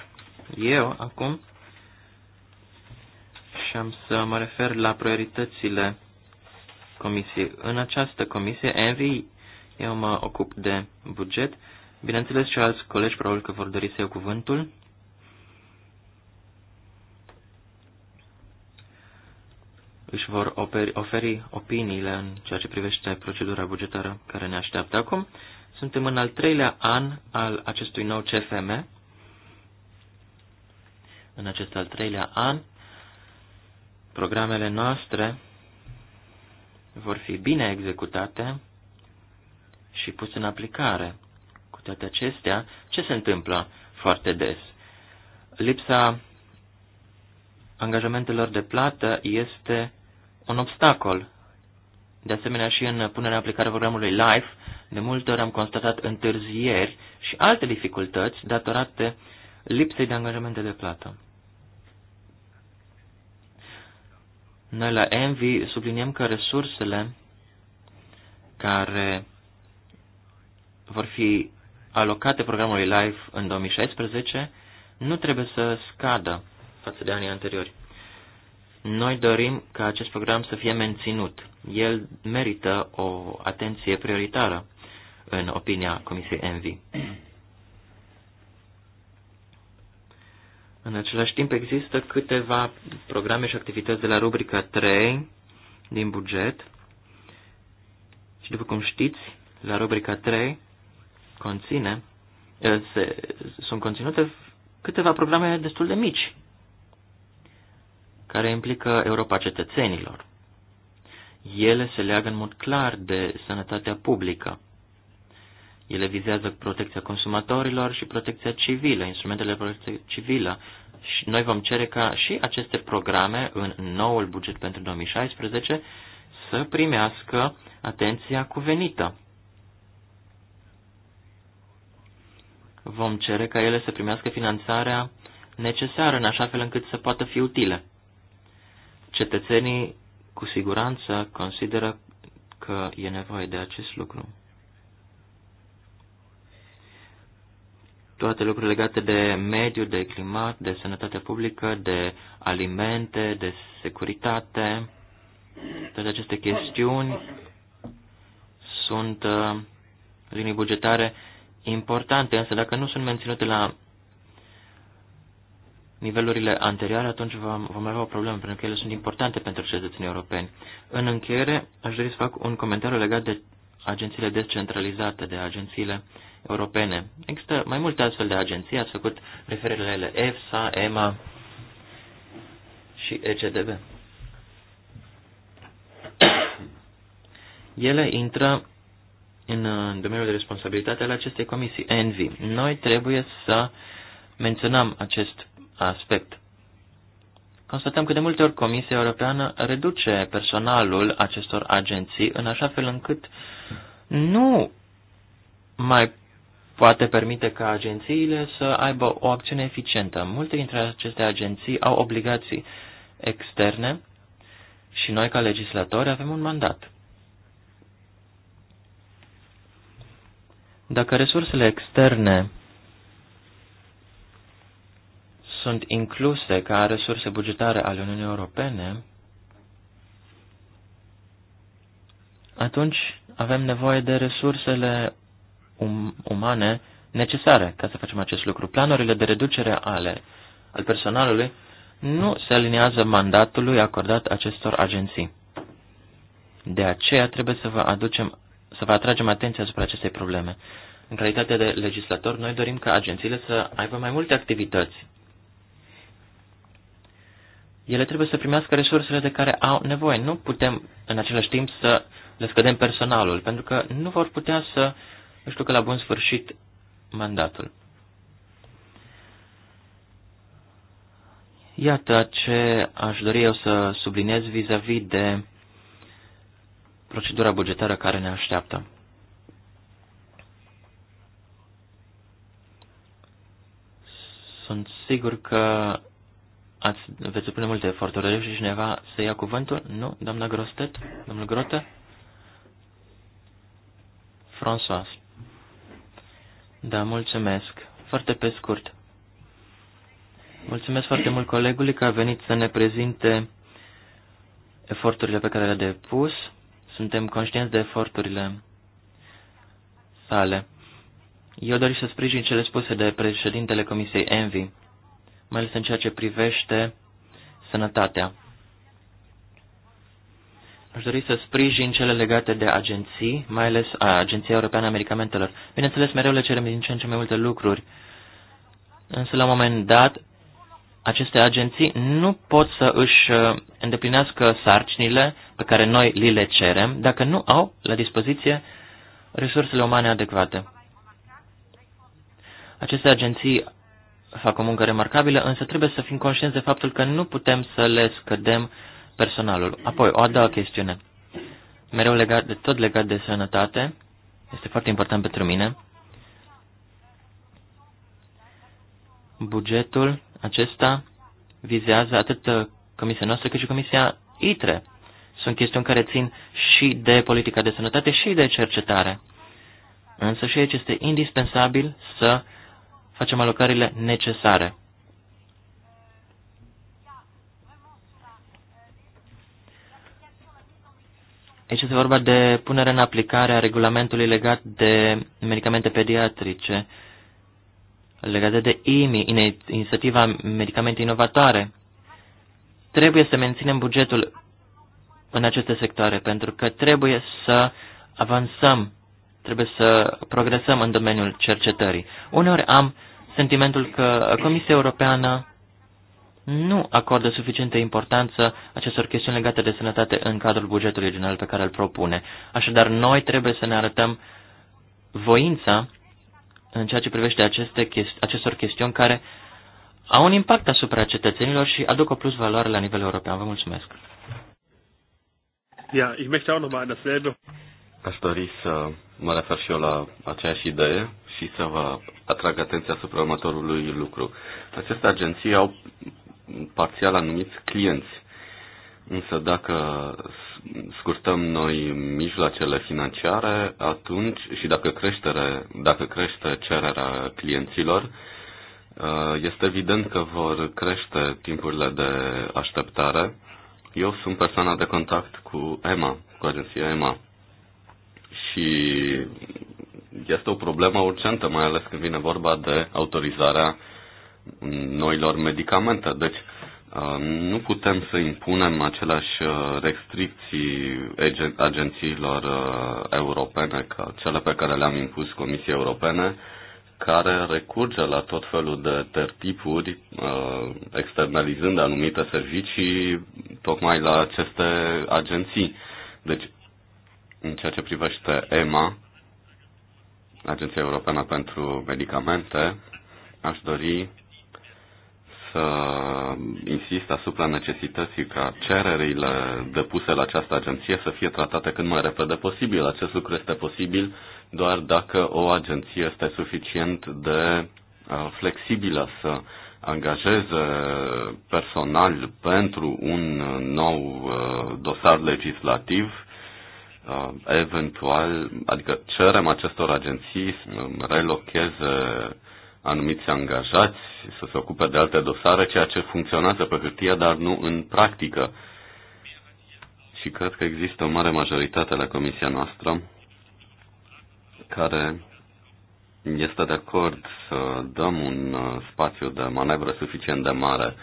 eu acum și am să mă refer la prioritățile comisiei. În această comisie, Envy, eu mă ocup de buget. Bineînțeles, și alți colegi probabil că vor dori să iau cuvântul. își vor oferi opiniile în ceea ce privește procedura bugetară care ne așteaptă acum. Suntem în al treilea an al acestui nou CFM. În acest al treilea an, programele noastre vor fi bine executate și puse în aplicare. Cu toate acestea, ce se întâmplă foarte des? Lipsa angajamentelor de plată este un obstacol. De asemenea, și în punerea aplicare programului LIFE, de multe ori am constatat întârzieri și alte dificultăți datorate lipsei de angajamente de plată. Noi la Envy subliniem că resursele care vor fi alocate programului LIFE în 2016 nu trebuie să scadă față de anii anteriori. Noi dorim ca acest program să fie menținut. El merită o atenție prioritară, în opinia Comisiei Envi. În același timp există câteva programe și activități de la rubrica 3 din buget. Și după cum știți, la rubrica 3 conține, se, sunt conținute câteva programe destul de mici care implică Europa cetățenilor. Ele se leagă în mod clar de sănătatea publică. Ele vizează protecția consumatorilor și protecția civilă, instrumentele de protecție civilă. Și noi vom cere ca și aceste programe în noul buget pentru 2016 să primească atenția cuvenită. Vom cere ca ele să primească finanțarea necesară în așa fel încât să poată fi utile. Cetățenii cu siguranță consideră că e nevoie de acest lucru. Toate lucrurile legate de mediu, de climat, de sănătate publică, de alimente, de securitate, toate aceste chestiuni sunt uh, linii bugetare importante, însă dacă nu sunt menținute la nivelurile anterioare, atunci vom, vom avea o problemă, pentru că ele sunt importante pentru cetățenii europeni. În încheiere, aș dori să fac un comentariu legat de agențiile descentralizate, de agențiile europene. Există mai multe astfel de agenții, ați făcut referire la ele, EFSA, EMA și ECDB. Ele intră în domeniul de responsabilitate al acestei comisii, ENVI. Noi trebuie să uh, menționam acest aspect. Constatăm că de multe ori Comisia Europeană reduce personalul acestor agenții în așa fel încât nu mai poate permite ca agențiile să aibă o acțiune eficientă. Multe dintre aceste agenții au obligații externe și noi, ca legislatori, avem un mandat. Dacă resursele externe sunt incluse ca resurse bugetare ale Uniunii Europene, atunci avem nevoie de resursele um umane necesare ca să facem acest lucru. Planurile de reducere ale al personalului nu se aliniază mandatului acordat acestor agenții. De aceea trebuie să vă aducem, să vă atragem atenția asupra acestei probleme. În calitate de legislator, noi dorim ca agențiile să aibă mai multe activități ele trebuie să primească resursele de care au nevoie. Nu putem în același timp să le scădem personalul, pentru că nu vor putea să își ducă la bun sfârșit mandatul. Iată ce aș dori eu să subliniez vis-a-vis -vis de procedura bugetară care ne așteaptă. Sunt sigur că Ați, veți supune multe eforturi. Reușește cineva să ia cuvântul? Nu? Doamna Grostet? Domnul Grotă? François. Da, mulțumesc. Foarte pe scurt. Mulțumesc foarte mult colegului că a venit să ne prezinte eforturile pe care le-a depus. Suntem conștienți de eforturile sale. Eu doresc să sprijin cele spuse de președintele Comisiei Envi mai ales în ceea ce privește sănătatea. Aș dori să sprijin cele legate de agenții, mai ales a, Agenția Europeană a Medicamentelor. Bineînțeles, mereu le cerem din ce în ce mai multe lucruri, însă la un moment dat aceste agenții nu pot să își uh, îndeplinească sarcinile pe care noi li le cerem dacă nu au la dispoziție resursele umane adecvate. Aceste agenții fac o muncă remarcabilă, însă trebuie să fim conștienți de faptul că nu putem să le scădem personalul. Apoi, o a doua chestiune, mereu legat de tot legat de sănătate, este foarte important pentru mine. Bugetul acesta vizează atât uh, comisia noastră cât și comisia ITRE. Sunt chestiuni care țin și de politica de sănătate și de cercetare. Însă și aici este indispensabil să uh, facem alocările necesare. Aici este vorba de punerea în aplicare a regulamentului legat de medicamente pediatrice, legate de IMI, inițiativa medicamente inovatoare. Trebuie să menținem bugetul în aceste sectoare, pentru că trebuie să avansăm trebuie să progresăm în domeniul cercetării. Uneori am sentimentul că Comisia Europeană nu acordă suficientă importanță acestor chestiuni legate de sănătate în cadrul bugetului general pe care îl propune. Așadar, noi trebuie să ne arătăm voința în ceea ce privește aceste chesti- acestor chestiuni care au un impact asupra cetățenilor și aduc o plus valoare la nivel european. Vă mulțumesc! Ja, ich möchte auch nochmal an dasselbe. Aș dori să mă refer și eu la aceeași idee și să vă atrag atenția asupra următorului lucru. Aceste agenții au parțial anumiți clienți, însă dacă scurtăm noi mijloacele financiare, atunci și dacă, creștere, dacă crește cererea clienților, este evident că vor crește timpurile de așteptare. Eu sunt persoana de contact cu EMA, cu agenția EMA și este o problemă urgentă, mai ales când vine vorba de autorizarea noilor medicamente. Deci uh, nu putem să impunem aceleași uh, restricții agențiilor uh, europene ca cele pe care le-am impus Comisiei Europene, care recurge la tot felul de tertipuri, externalizând anumite servicii tocmai la aceste agenții. Deci în ceea ce privește EMA, Agenția Europeană pentru Medicamente, aș dori să insist asupra necesității ca cererile depuse la această agenție să fie tratate cât mai repede posibil. Acest lucru este posibil doar dacă o agenție este suficient de uh, flexibilă să angajeze personal pentru un nou uh, dosar legislativ Uh, eventual, adică cerem acestor agenții să relocheze anumiți angajați, să se ocupe de alte dosare, ceea ce funcționează pe hârtie, dar nu în practică. Și cred că există o mare majoritate la comisia noastră care este de acord să dăm un uh, spațiu de manevră suficient de mare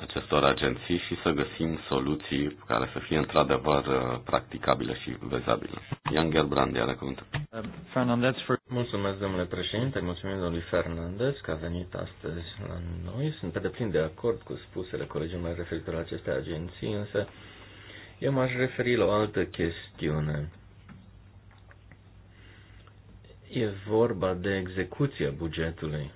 acestor agenții și să găsim soluții care să fie într-adevăr uh, practicabile și vezabile. Ian Gerbrand, iar cuvântul. Uh, Fernandez, for... mulțumesc, domnule președinte, mulțumim domnului Fernandez că a venit astăzi la noi. Sunt pe deplin de acord cu spusele colegii mei referitor la aceste agenții, însă eu m-aș referi la o altă chestiune. E vorba de execuția bugetului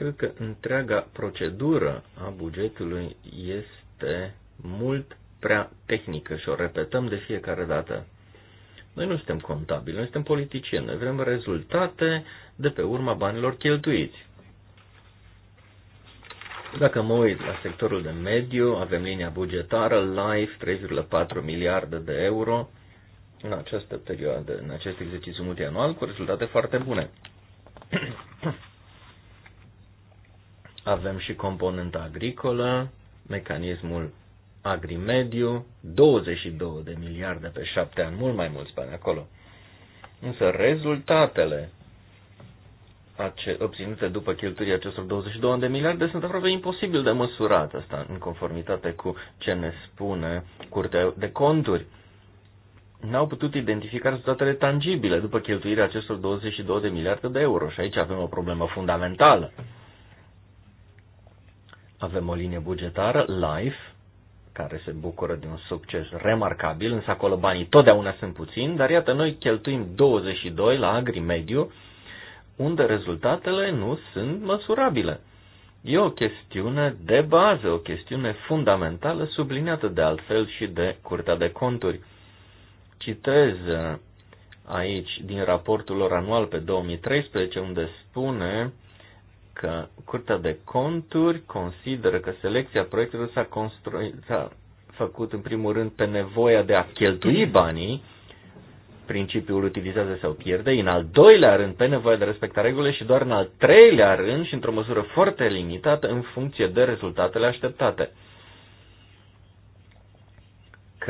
Cred că întreaga procedură a bugetului este mult prea tehnică și o repetăm de fiecare dată. Noi nu suntem contabili, noi suntem politicieni, noi vrem rezultate de pe urma banilor cheltuiți. Dacă mă uit la sectorul de mediu, avem linia bugetară LIFE 3,4 miliarde de euro în această perioadă, în acest exercițiu multianual, cu rezultate foarte bune. avem și componenta agricolă, mecanismul agrimediu, 22 de miliarde pe șapte ani, mult mai mulți bani acolo. Însă rezultatele obținute după cheltuirii acestor 22 de miliarde sunt aproape imposibil de măsurat asta în conformitate cu ce ne spune Curtea de Conturi. N-au putut identifica rezultatele tangibile după cheltuirea acestor 22 de miliarde de euro și aici avem o problemă fundamentală. Avem o linie bugetară, LIFE, care se bucură de un succes remarcabil, însă acolo banii totdeauna sunt puțini, dar iată, noi cheltuim 22 la agrimediu, unde rezultatele nu sunt măsurabile. E o chestiune de bază, o chestiune fundamentală, subliniată de altfel și de Curtea de Conturi. Citez uh, aici din raportul lor anual pe 2013, unde spune că Curtea de Conturi consideră că selecția proiectelor s-a, s-a făcut în primul rând pe nevoia de a cheltui banii, principiul utilizează sau pierde, în al doilea rând pe nevoia de respecta regulile și doar în al treilea rând și într-o măsură foarte limitată în funcție de rezultatele așteptate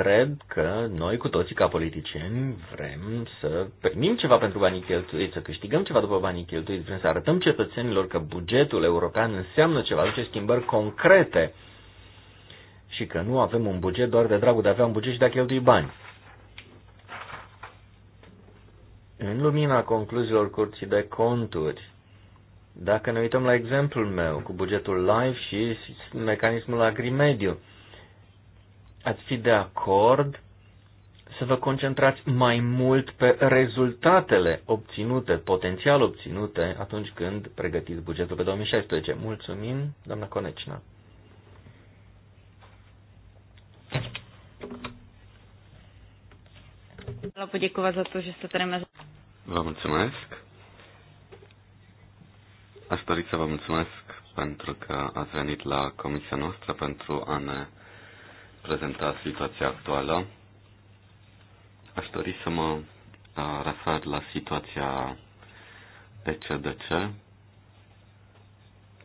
cred că noi cu toții ca politicieni vrem să primim ceva pentru banii cheltuiți, să câștigăm ceva după banii cheltuiți, vrem să arătăm cetățenilor că bugetul european înseamnă ceva, aduce schimbări concrete și că nu avem un buget doar de dragul de a avea un buget și de a cheltui bani. În lumina concluziilor curții de conturi, dacă ne uităm la exemplul meu cu bugetul live și mecanismul agrimediu, ați fi de acord să vă concentrați mai mult pe rezultatele obținute, potențial obținute, atunci când pregătiți bugetul pe 2016. Mulțumim, doamna Conecina. Vă mulțumesc. Aș dori să vă mulțumesc pentru că ați venit la comisia noastră pentru a ne prezenta situația actuală. Aș dori să mă refer la situația ECDC,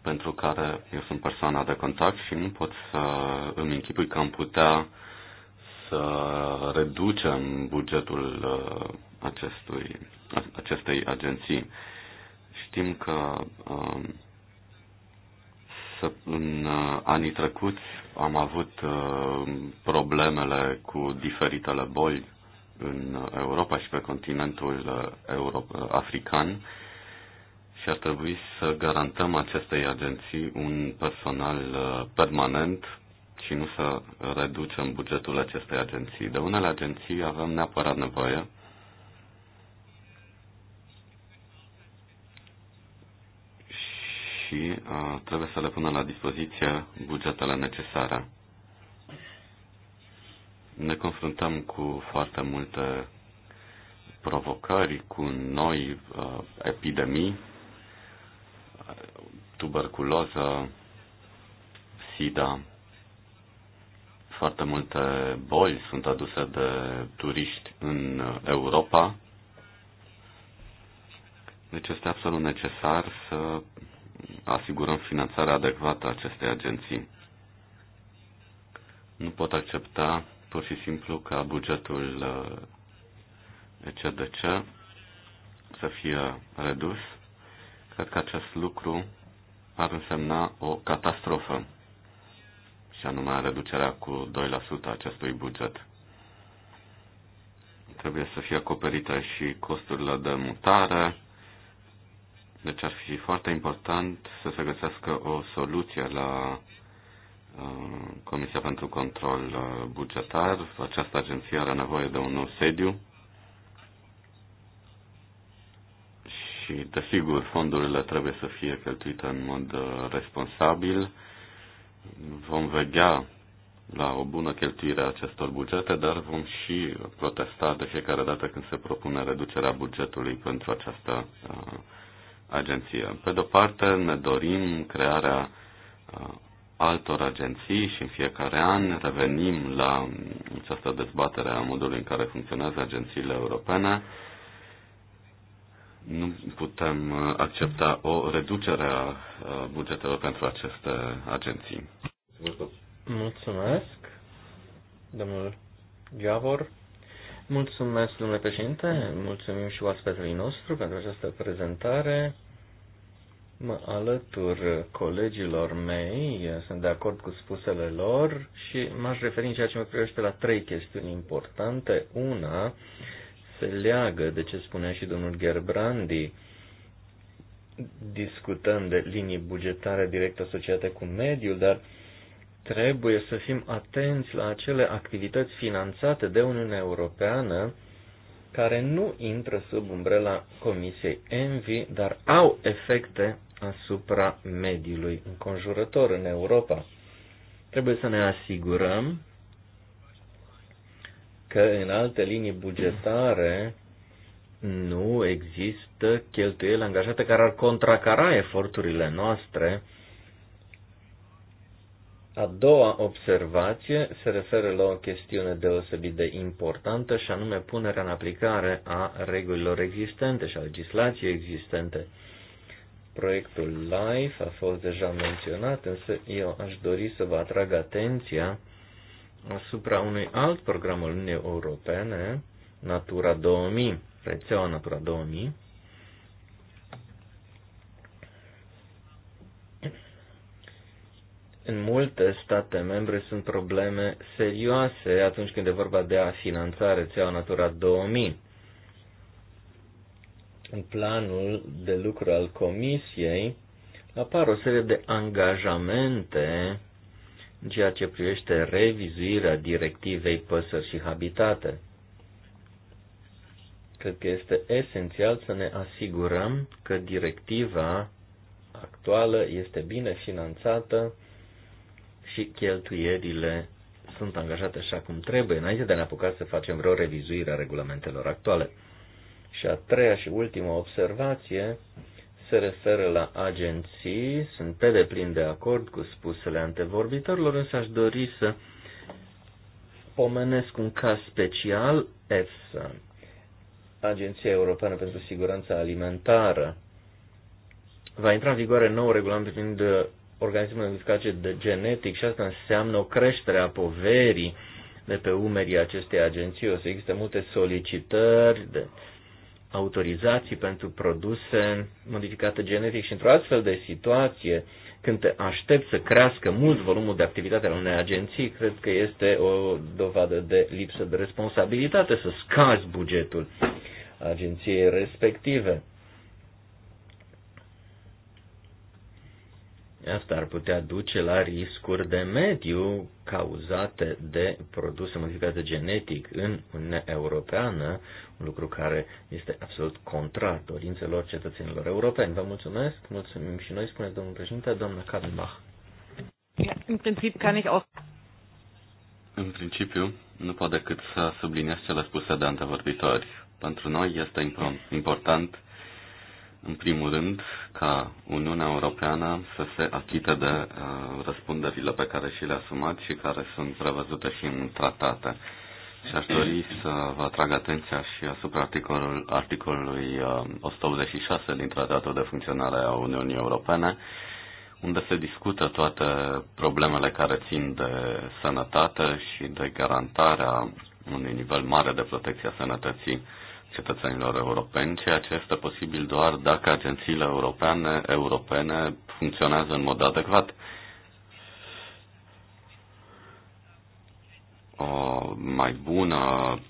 pentru care eu sunt persoana de contact și nu pot să îmi închipui că am putea să reducem bugetul acestui, acestei agenții. Știm că în uh, anii trecuți am avut uh, problemele cu diferitele boli în Europa și pe continentul uh, euro- african și ar trebui să garantăm acestei agenții un personal permanent și nu să reducem bugetul acestei agenții. De unele agenții avem neapărat nevoie și uh, trebuie să le pună la dispoziție bugetele necesare. Ne confruntăm cu foarte multe provocări, cu noi uh, epidemii, tuberculoză, sida, foarte multe boli sunt aduse de turiști în Europa. Deci este absolut necesar să asigurăm finanțarea adecvată a acestei agenții. Nu pot accepta pur și simplu ca bugetul uh, ECDC să fie redus. Cred că acest lucru ar însemna o catastrofă, și anume reducerea cu 2% a acestui buget. Trebuie să fie acoperite și costurile de mutare, deci ar fi foarte important să se găsească o soluție la uh, Comisia pentru Control uh, Bugetar. Această agenție are nevoie de un nou sediu și, desigur, fondurile trebuie să fie cheltuite în mod uh, responsabil. Vom vedea la o bună cheltuire a acestor bugete, dar vom și protesta de fiecare dată când se propune reducerea bugetului pentru această agenție. Pe de-o parte, ne dorim crearea altor agenții și în fiecare an revenim la această dezbatere a modului în care funcționează agențiile europene. Nu putem accepta o reducere a bugetelor pentru aceste agenții. Mulțumesc, domnul Gavor. Mulțumesc, domnule președinte, mulțumim și oaspetului nostru pentru această prezentare. Mă alătur colegilor mei, sunt de acord cu spusele lor și m-aș referi în ceea ce mă privește la trei chestiuni importante. Una se leagă de ce spunea și domnul Gerbrandi, discutând de linii bugetare direct asociate cu mediul, dar uh, Trebuie să fim atenți la acele activități finanțate de Uniunea Europeană care nu intră sub umbrela Comisiei Envi, dar au efecte asupra mediului înconjurător în Europa. Trebuie să ne asigurăm că în alte linii bugetare nu există cheltuieli angajate care ar contracara eforturile noastre a doua observație se referă la o chestiune deosebit de importantă și anume punerea în aplicare a regulilor existente și a legislației existente. Proiectul LIFE a fost deja menționat, însă eu aș dori să vă atrag atenția asupra unui alt program al Uniunii Europene, Natura 2000, rețeaua Natura 2000, în multe state membre sunt probleme serioase atunci când e vorba de a finanța rețeaua Natura 2000. În planul de lucru al Comisiei apar o serie de angajamente în ceea ce privește revizuirea directivei păsări și habitate. Cred că este esențial să ne asigurăm că directiva actuală este bine finanțată și cheltuierile sunt angajate așa cum trebuie, înainte de a ne apuca să facem vreo revizuire a regulamentelor actuale. Și a treia și ultima observație se referă la agenții. Sunt pe deplin de acord cu spusele antevorbitorilor, însă aș dori să pomenesc un caz special, EFSA, Agenția Europeană pentru Siguranța Alimentară. Va intra în vigoare nou regulament privind organismul modificate de genetic și asta înseamnă o creștere a poverii de pe umerii acestei agenții. O să existe multe solicitări de autorizații pentru produse modificate genetic și într-o astfel de situație, când te aștept să crească mult volumul de activitate al unei agenții, cred că este o dovadă de lipsă de responsabilitate să scazi bugetul agenției respective. Asta ar putea duce la riscuri de mediu cauzate de produse modificate genetic în Uniunea Europeană, un lucru care este absolut contrar dorințelor cetățenilor europeni. Vă mulțumesc, mulțumim și noi, spuneți domnul președinte, doamna Kadenbach. Da, în principiu, ca nici În principiu, nu pot decât să subliniez cele spuse de antevorbitori. Pentru noi este important în primul rând, ca Uniunea Europeană să se achite de uh, răspunderile pe care și le-a asumat și care sunt prevăzute și în tratate. Și aș dori să vă atrag atenția și asupra articolul, articolului uh, 186 din Tratatul de Funcționare a Uniunii Europene, unde se discută toate problemele care țin de sănătate și de garantarea unui nivel mare de protecție a sănătății cetățenilor europeni, ceea ce este posibil doar dacă agențiile europene, europene funcționează în mod adecvat. o mai bună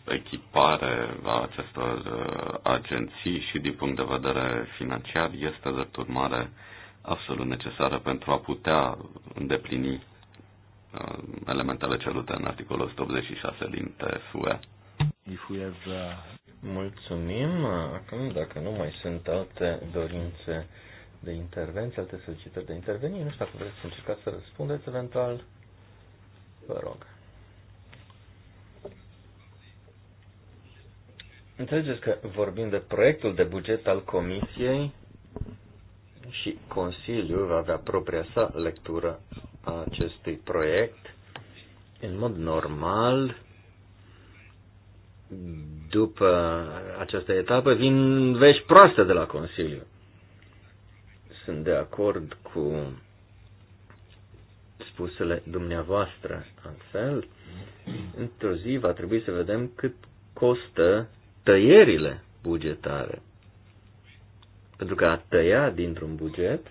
echipare a acestor uh, agenții și din punct de vedere financiar este de urmare absolut necesară pentru a putea îndeplini uh, elementele cerute în articolul 186 din TFUE. If we have, uh... Mulțumim. Acum, dacă nu mai sunt alte dorințe de intervenție, alte solicitări de intervenție, nu știu dacă vreți să încercați să răspundeți eventual. Vă rog. Înțelegeți că vorbim de proiectul de buget al Comisiei și Consiliul va avea propria sa lectură a acestui proiect. În mod normal, după această etapă vin vești proaste de la Consiliu. Sunt de acord cu spusele dumneavoastră. Altfel, într-o zi va trebui să vedem cât costă tăierile bugetare. Pentru că a tăia dintr-un buget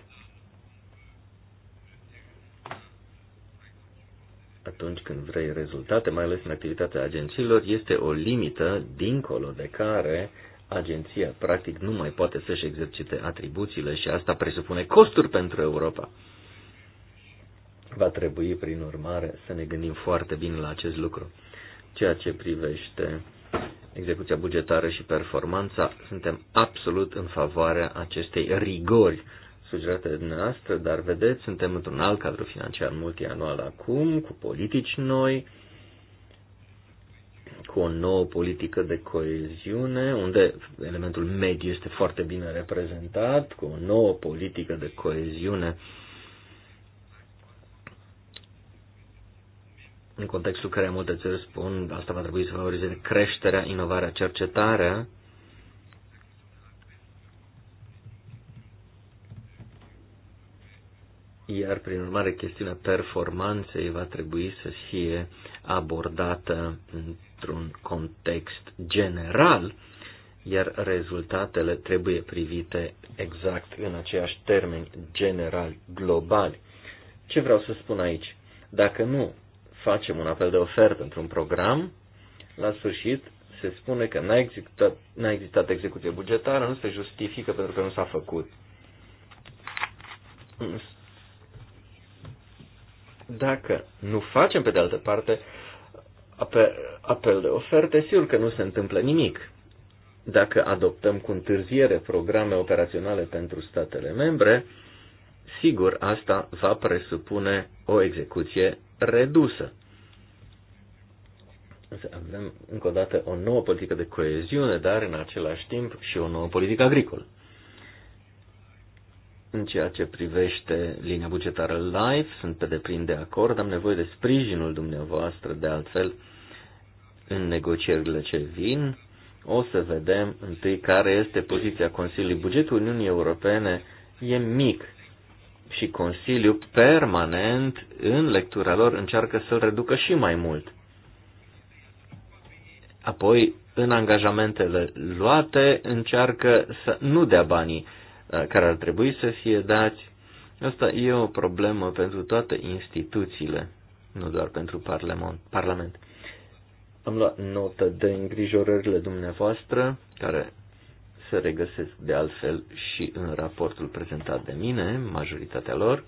atunci când vrei rezultate, mai ales în activitatea agențiilor, este o limită dincolo de care agenția practic nu mai poate să-și exercite atribuțiile și asta presupune costuri pentru Europa. Va trebui, prin urmare, să ne gândim foarte bine la acest lucru. Ceea ce privește execuția bugetară și performanța, suntem absolut în favoarea acestei rigori sugerate de dumneavoastră, dar vedeți, suntem într-un alt cadru financiar multianual acum, cu politici noi, cu o nouă politică de coeziune, unde elementul mediu este foarte bine reprezentat, cu o nouă politică de coeziune în contextul care multe țări spun, asta va trebui să favorizeze creșterea, inovarea, cercetarea, iar prin urmare chestiunea performanței va trebui să fie abordată într-un context general, iar rezultatele trebuie privite exact în aceiași termeni general, globali. Ce vreau să spun aici? Dacă nu facem un apel de ofertă într-un program, la sfârșit se spune că n-a existat, n-a existat execuție bugetară, nu se justifică pentru că nu s-a făcut dacă nu facem, pe de altă parte, apel, apel de oferte, sigur că nu se întâmplă nimic. Dacă adoptăm cu întârziere programe operaționale pentru statele membre, sigur asta va presupune o execuție redusă. Avem încă o dată o nouă politică de coeziune, dar în același timp și o nouă politică agricolă. În ceea ce privește linia bugetară live, sunt pe deplin de acord, am nevoie de sprijinul dumneavoastră, de altfel, în negocierile ce vin. O să vedem întâi care este poziția Consiliului. Bugetul Uniunii Europene e mic și Consiliul permanent, în lectura lor, încearcă să-l reducă și mai mult. Apoi, în angajamentele luate, încearcă să nu dea banii Uh, care ar trebui să fie dați. Asta e o problemă pentru toate instituțiile, nu doar pentru Parlament. Am luat notă de îngrijorările dumneavoastră, care se regăsesc de altfel și în raportul prezentat de mine, majoritatea lor.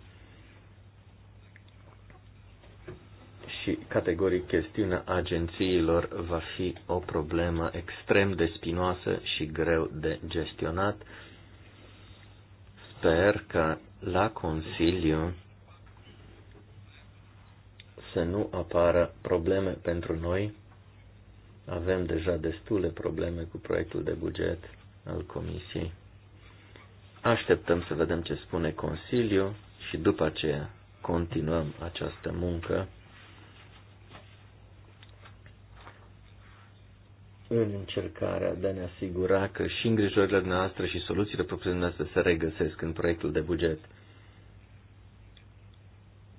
și categoric chestiunea agențiilor va fi o problemă extrem de spinoasă și greu de gestionat sper că la Consiliu să nu apară probleme pentru noi. Avem deja destule probleme cu proiectul de buget al Comisiei. Așteptăm să vedem ce spune Consiliu și după aceea continuăm această muncă în încercarea de a ne asigura că și îngrijorările noastre și soluțiile propriile noastre se regăsesc în proiectul de buget.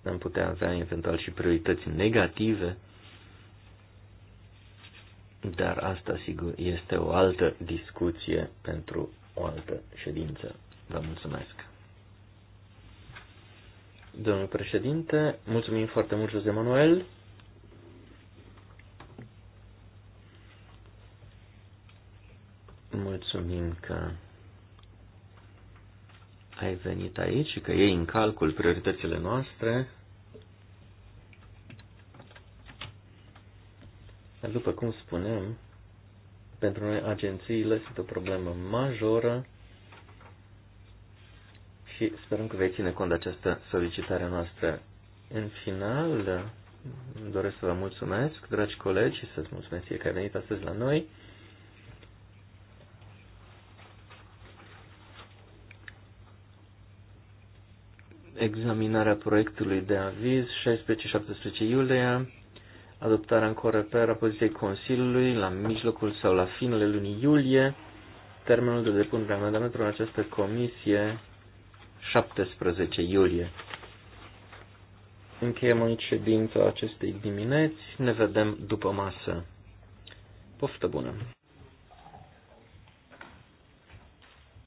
Am putea avea eventual și priorități negative, dar asta sigur este o altă discuție pentru o altă ședință. Vă mulțumesc! Domnul președinte, mulțumim foarte mult, José Manuel. Mulțumim că ai venit aici și că iei în calcul prioritățile noastre. Dar după cum spuneam, pentru noi agențiile sunt o problemă majoră și sperăm că vei ține cont de această solicitare noastră. În final, doresc să vă mulțumesc, dragi colegi, și să-ți mulțumesc că ai venit astăzi la noi. examinarea proiectului de aviz 16-17 iulie, adoptarea în coreper a poziției Consiliului la mijlocul sau la finele lunii iulie, termenul de depunere a amendamentului în această comisie 17 iulie. Încheiem aici ședința acestei dimineți, ne vedem după masă. Poftă bună!